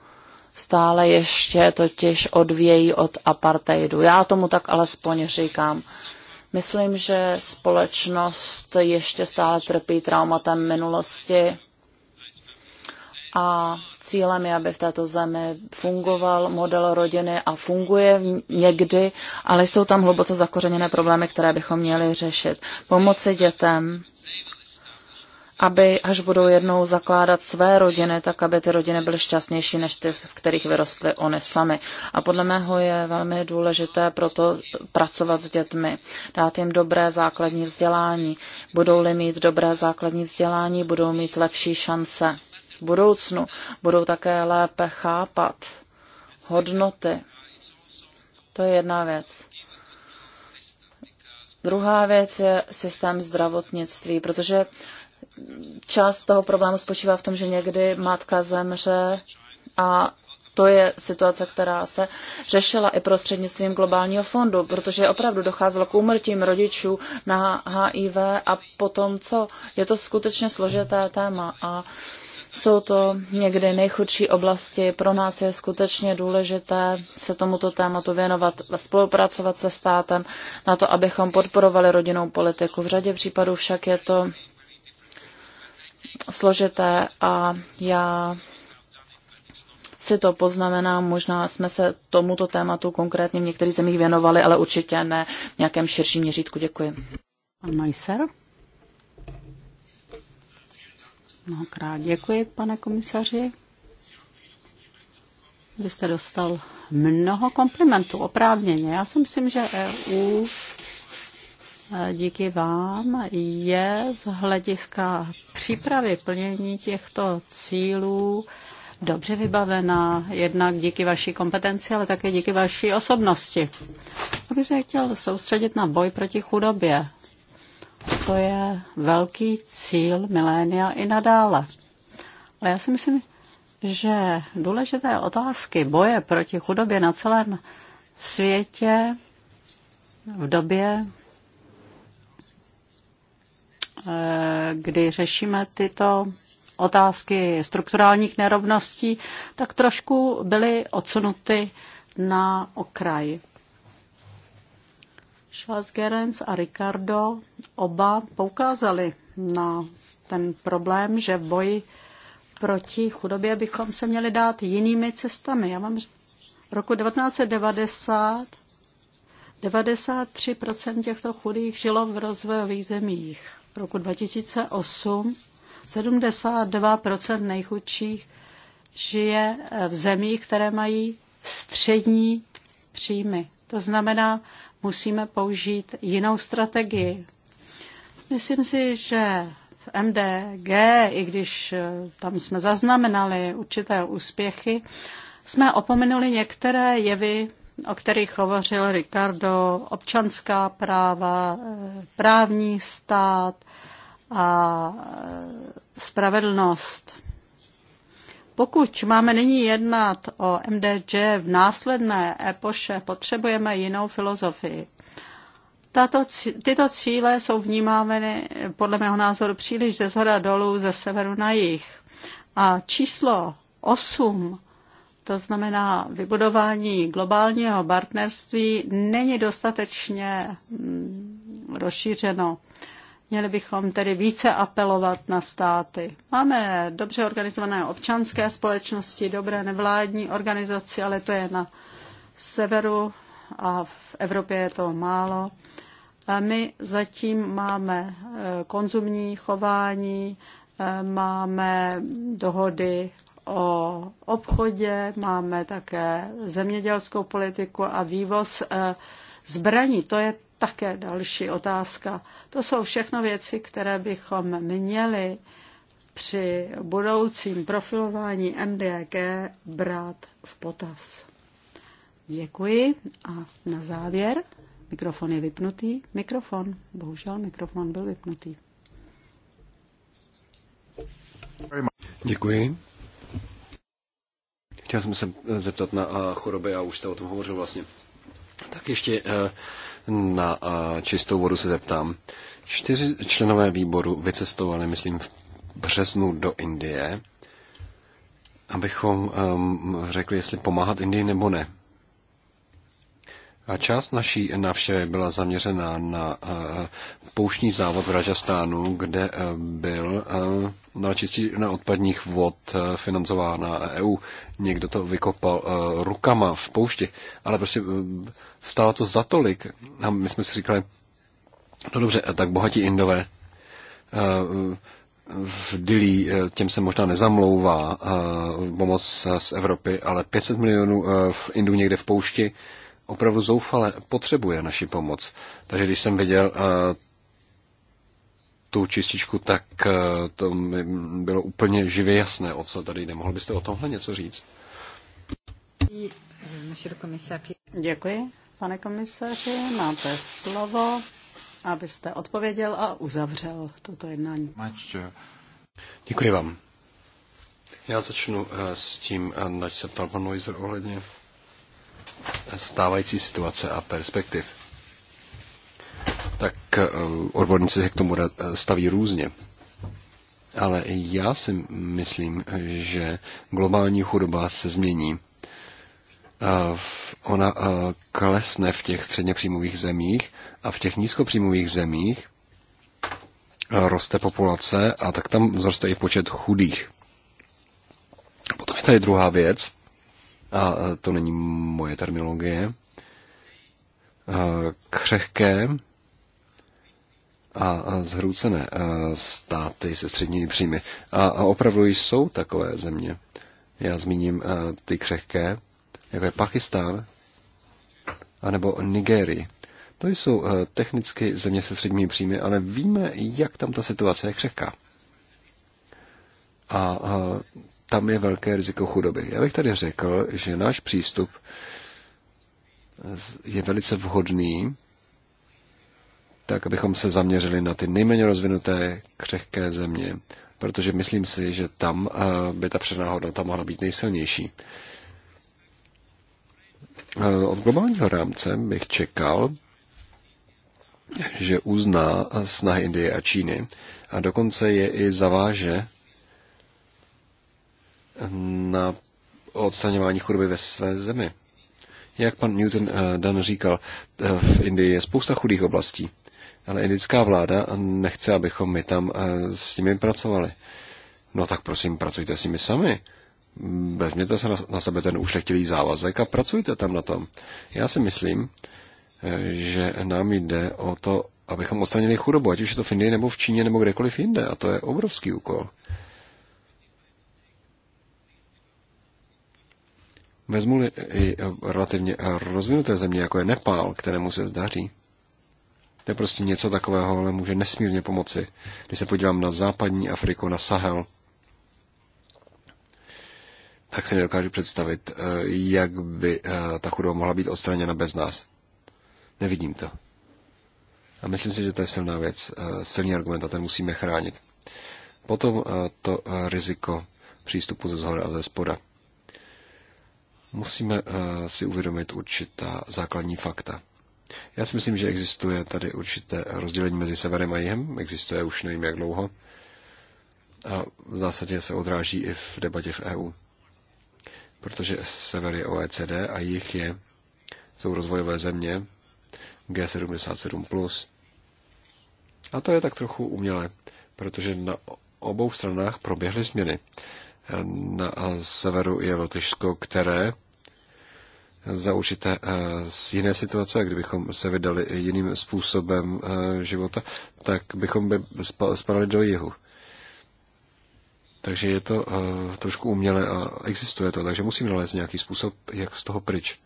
stále ještě totiž odvějí od apartheidu. Já tomu tak alespoň říkám. Myslím, že společnost ještě stále trpí traumatem minulosti a cílem je, aby v této zemi fungoval model rodiny a funguje někdy, ale jsou tam hluboce zakořeněné problémy, které bychom měli řešit. Pomoci dětem aby až budou jednou zakládat své rodiny, tak aby ty rodiny byly šťastnější než ty, v kterých vyrostly oni sami. A podle mého je velmi důležité proto pracovat s dětmi, dát jim dobré základní vzdělání. Budou-li mít dobré základní vzdělání, budou mít lepší šance v budoucnu, budou také lépe chápat hodnoty. To je jedna věc. Druhá věc je systém zdravotnictví, protože část toho problému spočívá v tom, že někdy matka zemře a to je situace, která se řešila i prostřednictvím globálního fondu, protože opravdu docházelo k úmrtím rodičů na HIV a potom co? Je to skutečně složité téma a jsou to někdy nejchudší oblasti. Pro nás je skutečně důležité se tomuto tématu věnovat, spolupracovat se státem na to, abychom podporovali rodinnou politiku. V řadě případů však je to složité a já si to poznamenám. Možná jsme se tomuto tématu konkrétně v některých zemích věnovali, ale určitě ne v nějakém širším měřítku. Děkuji. Pan Majser? Mnohokrát děkuji, pane komisaři. Vy jste dostal mnoho komplimentů, oprávněně. Já si myslím, že EU díky vám je z hlediska přípravy plnění těchto cílů dobře vybavená, jednak díky vaší kompetenci, ale také díky vaší osobnosti. Aby se chtěl soustředit na boj proti chudobě. To je velký cíl milénia i nadále. Ale já si myslím, že důležité otázky boje proti chudobě na celém světě v době, kdy řešíme tyto otázky strukturálních nerovností, tak trošku byly odsunuty na okraj. Charles Gerens a Ricardo oba poukázali na ten problém, že v boji proti chudobě bychom se měli dát jinými cestami. Já mám roku 1990 93% těchto chudých žilo v rozvojových zemích roku 2008 72 nejchudších žije eh, v zemích, které mají střední příjmy. To znamená, musíme použít jinou strategii. Myslím si, že v MDG, i když eh, tam jsme zaznamenali určité úspěchy, jsme opomenuli některé jevy, o kterých hovořil Ricardo, občanská práva, eh, právní stát a eh, spravedlnost. Pokud máme nyní jednat o MDG v následné epoše, potřebujeme jinou filozofii. Tato, tyto cíle jsou vnímány podle mého názoru příliš ze zhora dolů, ze severu na jih. A číslo 8 to znamená, vybudování globálního partnerství není dostatečně mm, rozšířeno. Měli bychom tedy více apelovat na státy. Máme dobře organizované občanské společnosti, dobré nevládní organizace, ale to je na severu a v Evropě je to málo. A my zatím máme eh, konzumní chování, eh, máme dohody o obchodě, máme také zemědělskou politiku a vývoz eh, zbraní. To je také další otázka. To jsou všechno věci, které bychom měli při budoucím profilování MDG brát v potaz. Děkuji a na závěr. Mikrofon je vypnutý. Mikrofon. Bohužel mikrofon byl vypnutý. Děkuji. Chtěl jsem se eh, zeptat na eh, choroby, a už jste o tom hovořil vlastně. Tak ještě eh, na čistou vodu se zeptám. Čtyři členové výboru vycestovali, myslím, v březnu do Indie, abychom ehm, řekli, jestli pomáhat Indii nebo ne. A část naší návštěvy byla zaměřená na eh, pouštní závod v Rajastánu, kde eh, byl eh, na na odpadních vod financována EU. Někdo to vykopal rukama v poušti, ale prostě stálo to za tolik. A my jsme si říkali, no dobře, tak bohatí Indové v Dilí, těm se možná nezamlouvá pomoc z Evropy, ale 500 milionů v Indu někde v poušti, opravdu zoufale potřebuje naši pomoc. Takže když jsem viděl eh, tu čističku, tak eh, to mi bylo úplně živě jasné, o co tady jde. Mohl byste o tomhle něco říct? Děkuji, pane komisaři. Máte slovo, abyste odpověděl a uzavřel toto jednání. Děkuji vám. Já začnu eh, s tím, nač se ptal pan Neuser ohledně stávající situace a perspektiv. Tak eh, odborníci se k tomu eh, staví různě. Ale já si myslím, že globální chudoba se změní. Eh, ona klesne v těch středně příjmových zemích a v těch nízkopříjmových zemích roste populace a tak tam vzroste i počet chudých. Potom je tady druhá věc, a to není moje terminologie, křehké a zhroucené státy se středními příjmy. A opravdu jsou takové země. Já zmíním ty křehké, jako je Pakistán anebo Nigérii. To jsou technicky země se středními příjmy, ale víme, jak tam ta situace je křehká. A tam je velké riziko chudoby. Já bych tady řekl, že náš přístup je velice vhodný, tak abychom se zaměřili na ty nejméně rozvinuté křehké země, protože myslím si, že tam eh, by ta předná hodnota mohla být nejsilnější. Eh, od globálního rámce bych čekal, že uzná snahy Indie a Číny a dokonce je i zaváže na odstraňování chudoby ve své zemi. Jak pan Newton eh, Dan říkal, eh, v Indii je spousta chudých oblastí, ale indická vláda nechce, abychom my tam eh, s nimi pracovali. No tak prosím, pracujte s nimi sami. Vezměte se na sebe ten ušlechtilý závazek a pracujte tam na tom. Já si myslím, že nám jde o to, abychom odstranili chudobu, ať už je to v Indii nebo v Číně nebo kdekoliv jinde. A to je obrovský úkol. Vezmu-li i relativně rozvinuté země, jako je Nepál, kterému se zdaří, to je prostě něco takového, ale může nesmírně pomoci. Když se podívám na západní Afriku, na Sahel, tak si nedokážu představit, eh, jak by eh, ta chudoba mohla být odstraněna bez nás. Nevidím to. A myslím si, že to je silná věc, eh, silný argument a ten musíme chránit. Potom to riziko přístupu ze zhora a ze spoda musíme eh, si uvědomit určitá základní fakta. Já si myslím, že existuje tady určité rozdělení mezi severem a jihem, existuje už nevím jak dlouho a v zásadě se odráží i v debatě v EU. Protože sever je OECD a jich je, jsou rozvojové země G77+. A to je tak trochu umělé, protože na obou stranách proběhly změny. Na severu je Lotyšsko, které za určité eh, z jiné situace, a kdybychom se vydali jiným způsobem eh, života, tak bychom by spadali do jihu. Takže je to eh, trošku umělé a existuje to, takže musím nalézt nějaký způsob, jak z toho pryč.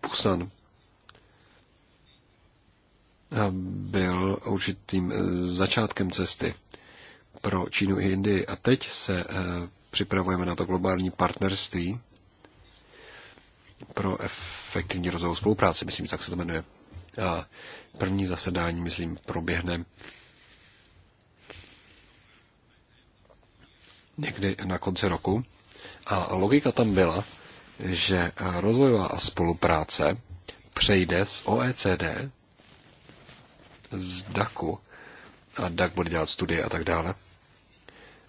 Pusan byl určitým začátkem cesty pro Čínu i Indii. A teď se Připravujeme na to globální partnerství pro efektivní rozvoj spolupráce, myslím, tak se to jmenuje. A první zasedání, myslím, proběhne někdy na konci roku. A logika tam byla, že rozvojová spolupráce přejde z OECD, z DACu, a DAC bude dělat studie a tak dále,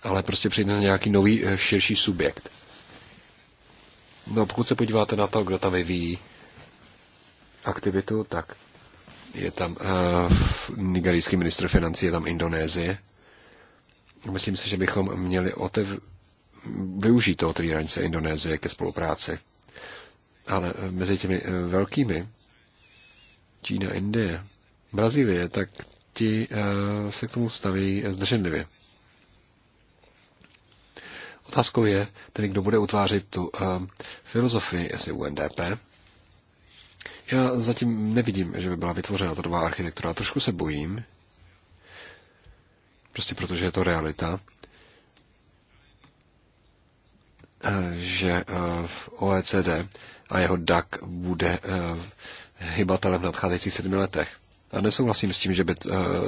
ale prostě přijde na nějaký nový eh, širší subjekt. No a pokud se podíváte na to, kdo tam vyvíjí aktivitu, tak je tam uh, nigerijský ministr financí, je tam Indonésie. Myslím si, že bychom měli otev... využít to otevírání se Indonésie ke spolupráci. Ale eh, mezi těmi velkými, Čína, Indie, Brazílie, tak ti uh, se k tomu staví zdrženlivě. Otázkou je tedy, kdo bude utvářet tu uh, filozofii UNDP. Já zatím nevidím, že by byla vytvořena ta nová architektura. Trošku se bojím, prostě protože je to realita, eh, že eh, v OECD a jeho DAC bude hybatelem v nadcházejících sedmi letech. A nesouhlasím s tím, že by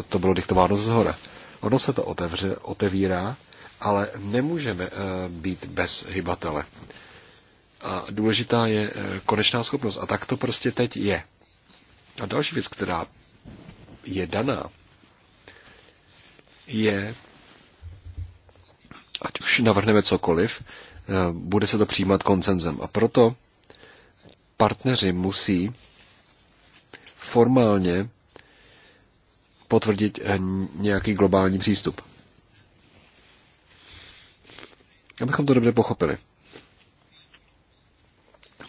to bylo diktováno zhora. hora. Ono se to otevře, otevírá ale nemůžeme eh, být bez hybatele. A důležitá je eh, konečná schopnost. A tak to prostě teď je. A další věc, která je daná, je, ať už navrhneme cokoliv, eh, bude se to přijímat koncenzem. A proto partneři musí formálně potvrdit nějaký globální přístup. Abychom to dobře pochopili.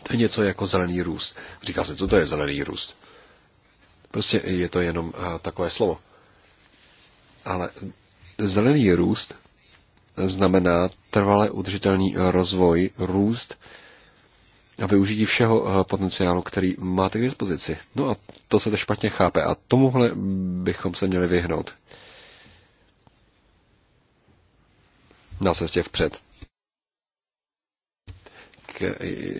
To je něco jako zelený růst. Říká se, co to je zelený růst? Prostě je to jenom eh, takové slovo. Ale zelený růst znamená trvale udržitelný rozvoj, růst a využití všeho eh, potenciálu, který máte k dispozici. No a to se to špatně chápe a tomuhle bychom se měli vyhnout. Na cestě vpřed k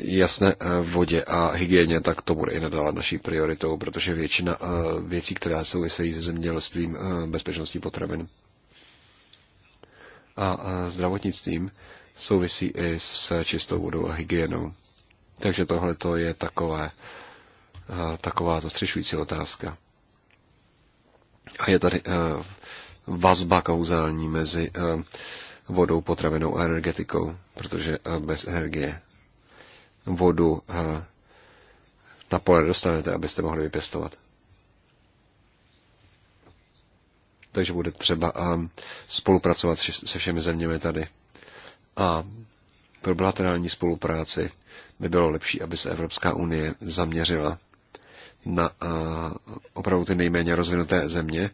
jasné eh, vodě a hygieně, tak to bude i nadále naší prioritou, protože většina eh, věcí, které souvisejí se zemědělstvím, eh, bezpečností potravin a zdravotnictvím, souvisí i s čistou vodou a hygienou. Takže tohle to je takové, taková zastřešující otázka. A je tady vazba kauzální mezi vodou, potravinou a energetikou, protože bez energie vodu eh, na pole dostanete, abyste mohli vypěstovat. Takže bude třeba eh, spolupracovat se všemi zeměmi tady. A pro bilaterální spolupráci by bylo lepší, aby se Evropská unie zaměřila na eh, opravdu ty nejméně rozvinuté země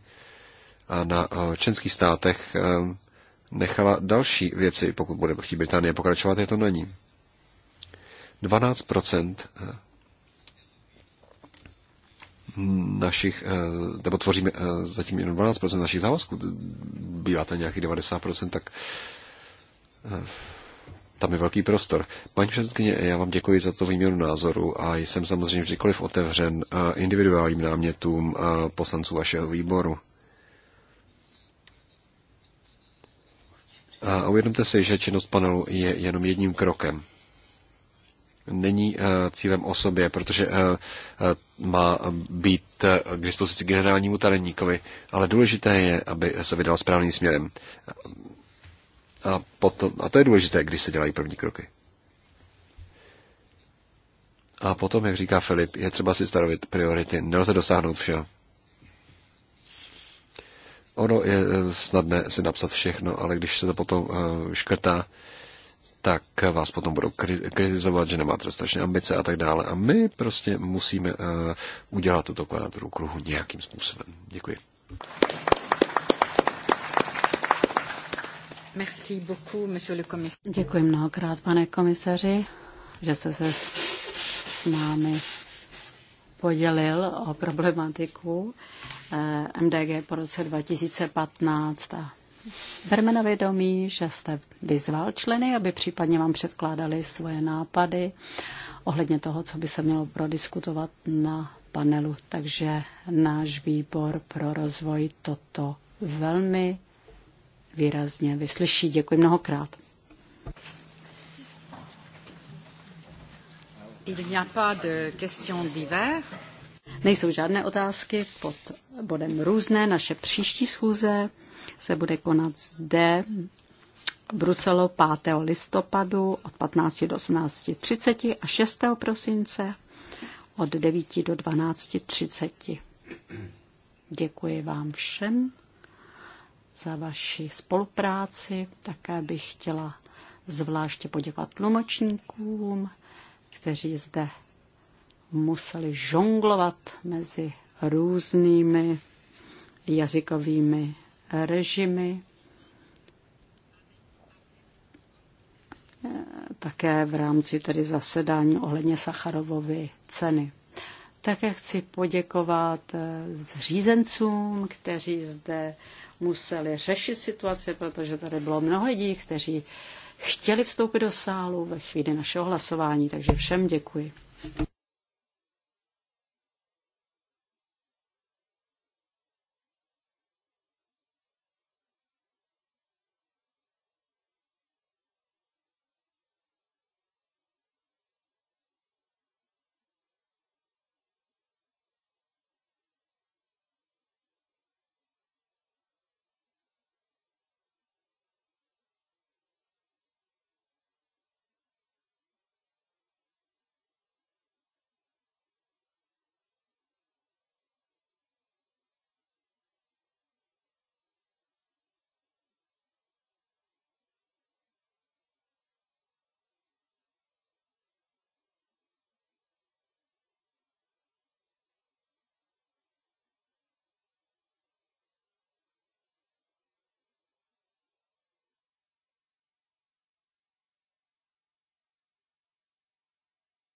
a na členských státech nechala další věci, pokud bude chtít Británie pokračovat, je to na ní. 12 eh, našich, eh, nebo tvoříme eh, zatím jenom 12% našich závazků, bývá to nějakých 90%, tak tam je velký prostor. Paní předsedkyně, já vám děkuji za to výměnu názoru a jsem samozřejmě vždykoliv otevřen individuálním námětům poslanců vašeho výboru. A uvědomte si, že činnost panelu je jenom jedním krokem není eh, cílem osobě, protože eh, eh, má být k dispozici generálnímu tajemníkovi, ale důležité je, aby se vydal správným směrem. A, potom, a to je důležité, když se dělají první kroky. A potom, jak říká Filip, je třeba si stanovit priority. Nelze dosáhnout všeho. Ono je snadné si napsat všechno, ale když se to potom škrtá, tak vás potom budou kritizovat, že nemáte dostatečné ambice a tak dále. A my prostě musíme eh, udělat tuto kvadraturu kruhu nějakým způsobem. Děkuji. Merci beaucoup, monsieur le commissaire. Děkuji mnohokrát, pane komisaři, že jste se s námi podělil o problematiku eh, MDG po roce 2015 a Berme na vědomí, že jste vyzval členy, aby případně vám předkládali svoje nápady ohledně toho, co by se mělo prodiskutovat na panelu. Takže náš výbor pro rozvoj toto velmi výrazně vyslyší. Děkuji mnohokrát. Il n'y a pas de d'hiver. Nejsou žádné otázky pod bodem různé. Naše příští schůze se bude konat zde v Bruselu 5. listopadu od 15 do 18.30 a 6. prosince od 9 do 12.30. Děkuji vám všem za vaši spolupráci. Také bych chtěla zvláště poděkovat tlumočníkům, kteří zde museli žonglovat mezi různými jazykovými režimy, také v rámci tedy zasedání ohledně Sacharovovy ceny. Také chci poděkovat eh, zřízencům, kteří zde museli řešit situaci, protože tady bylo mnoho lidí, kteří chtěli vstoupit do sálu ve chvíli našeho hlasování, takže všem děkuji.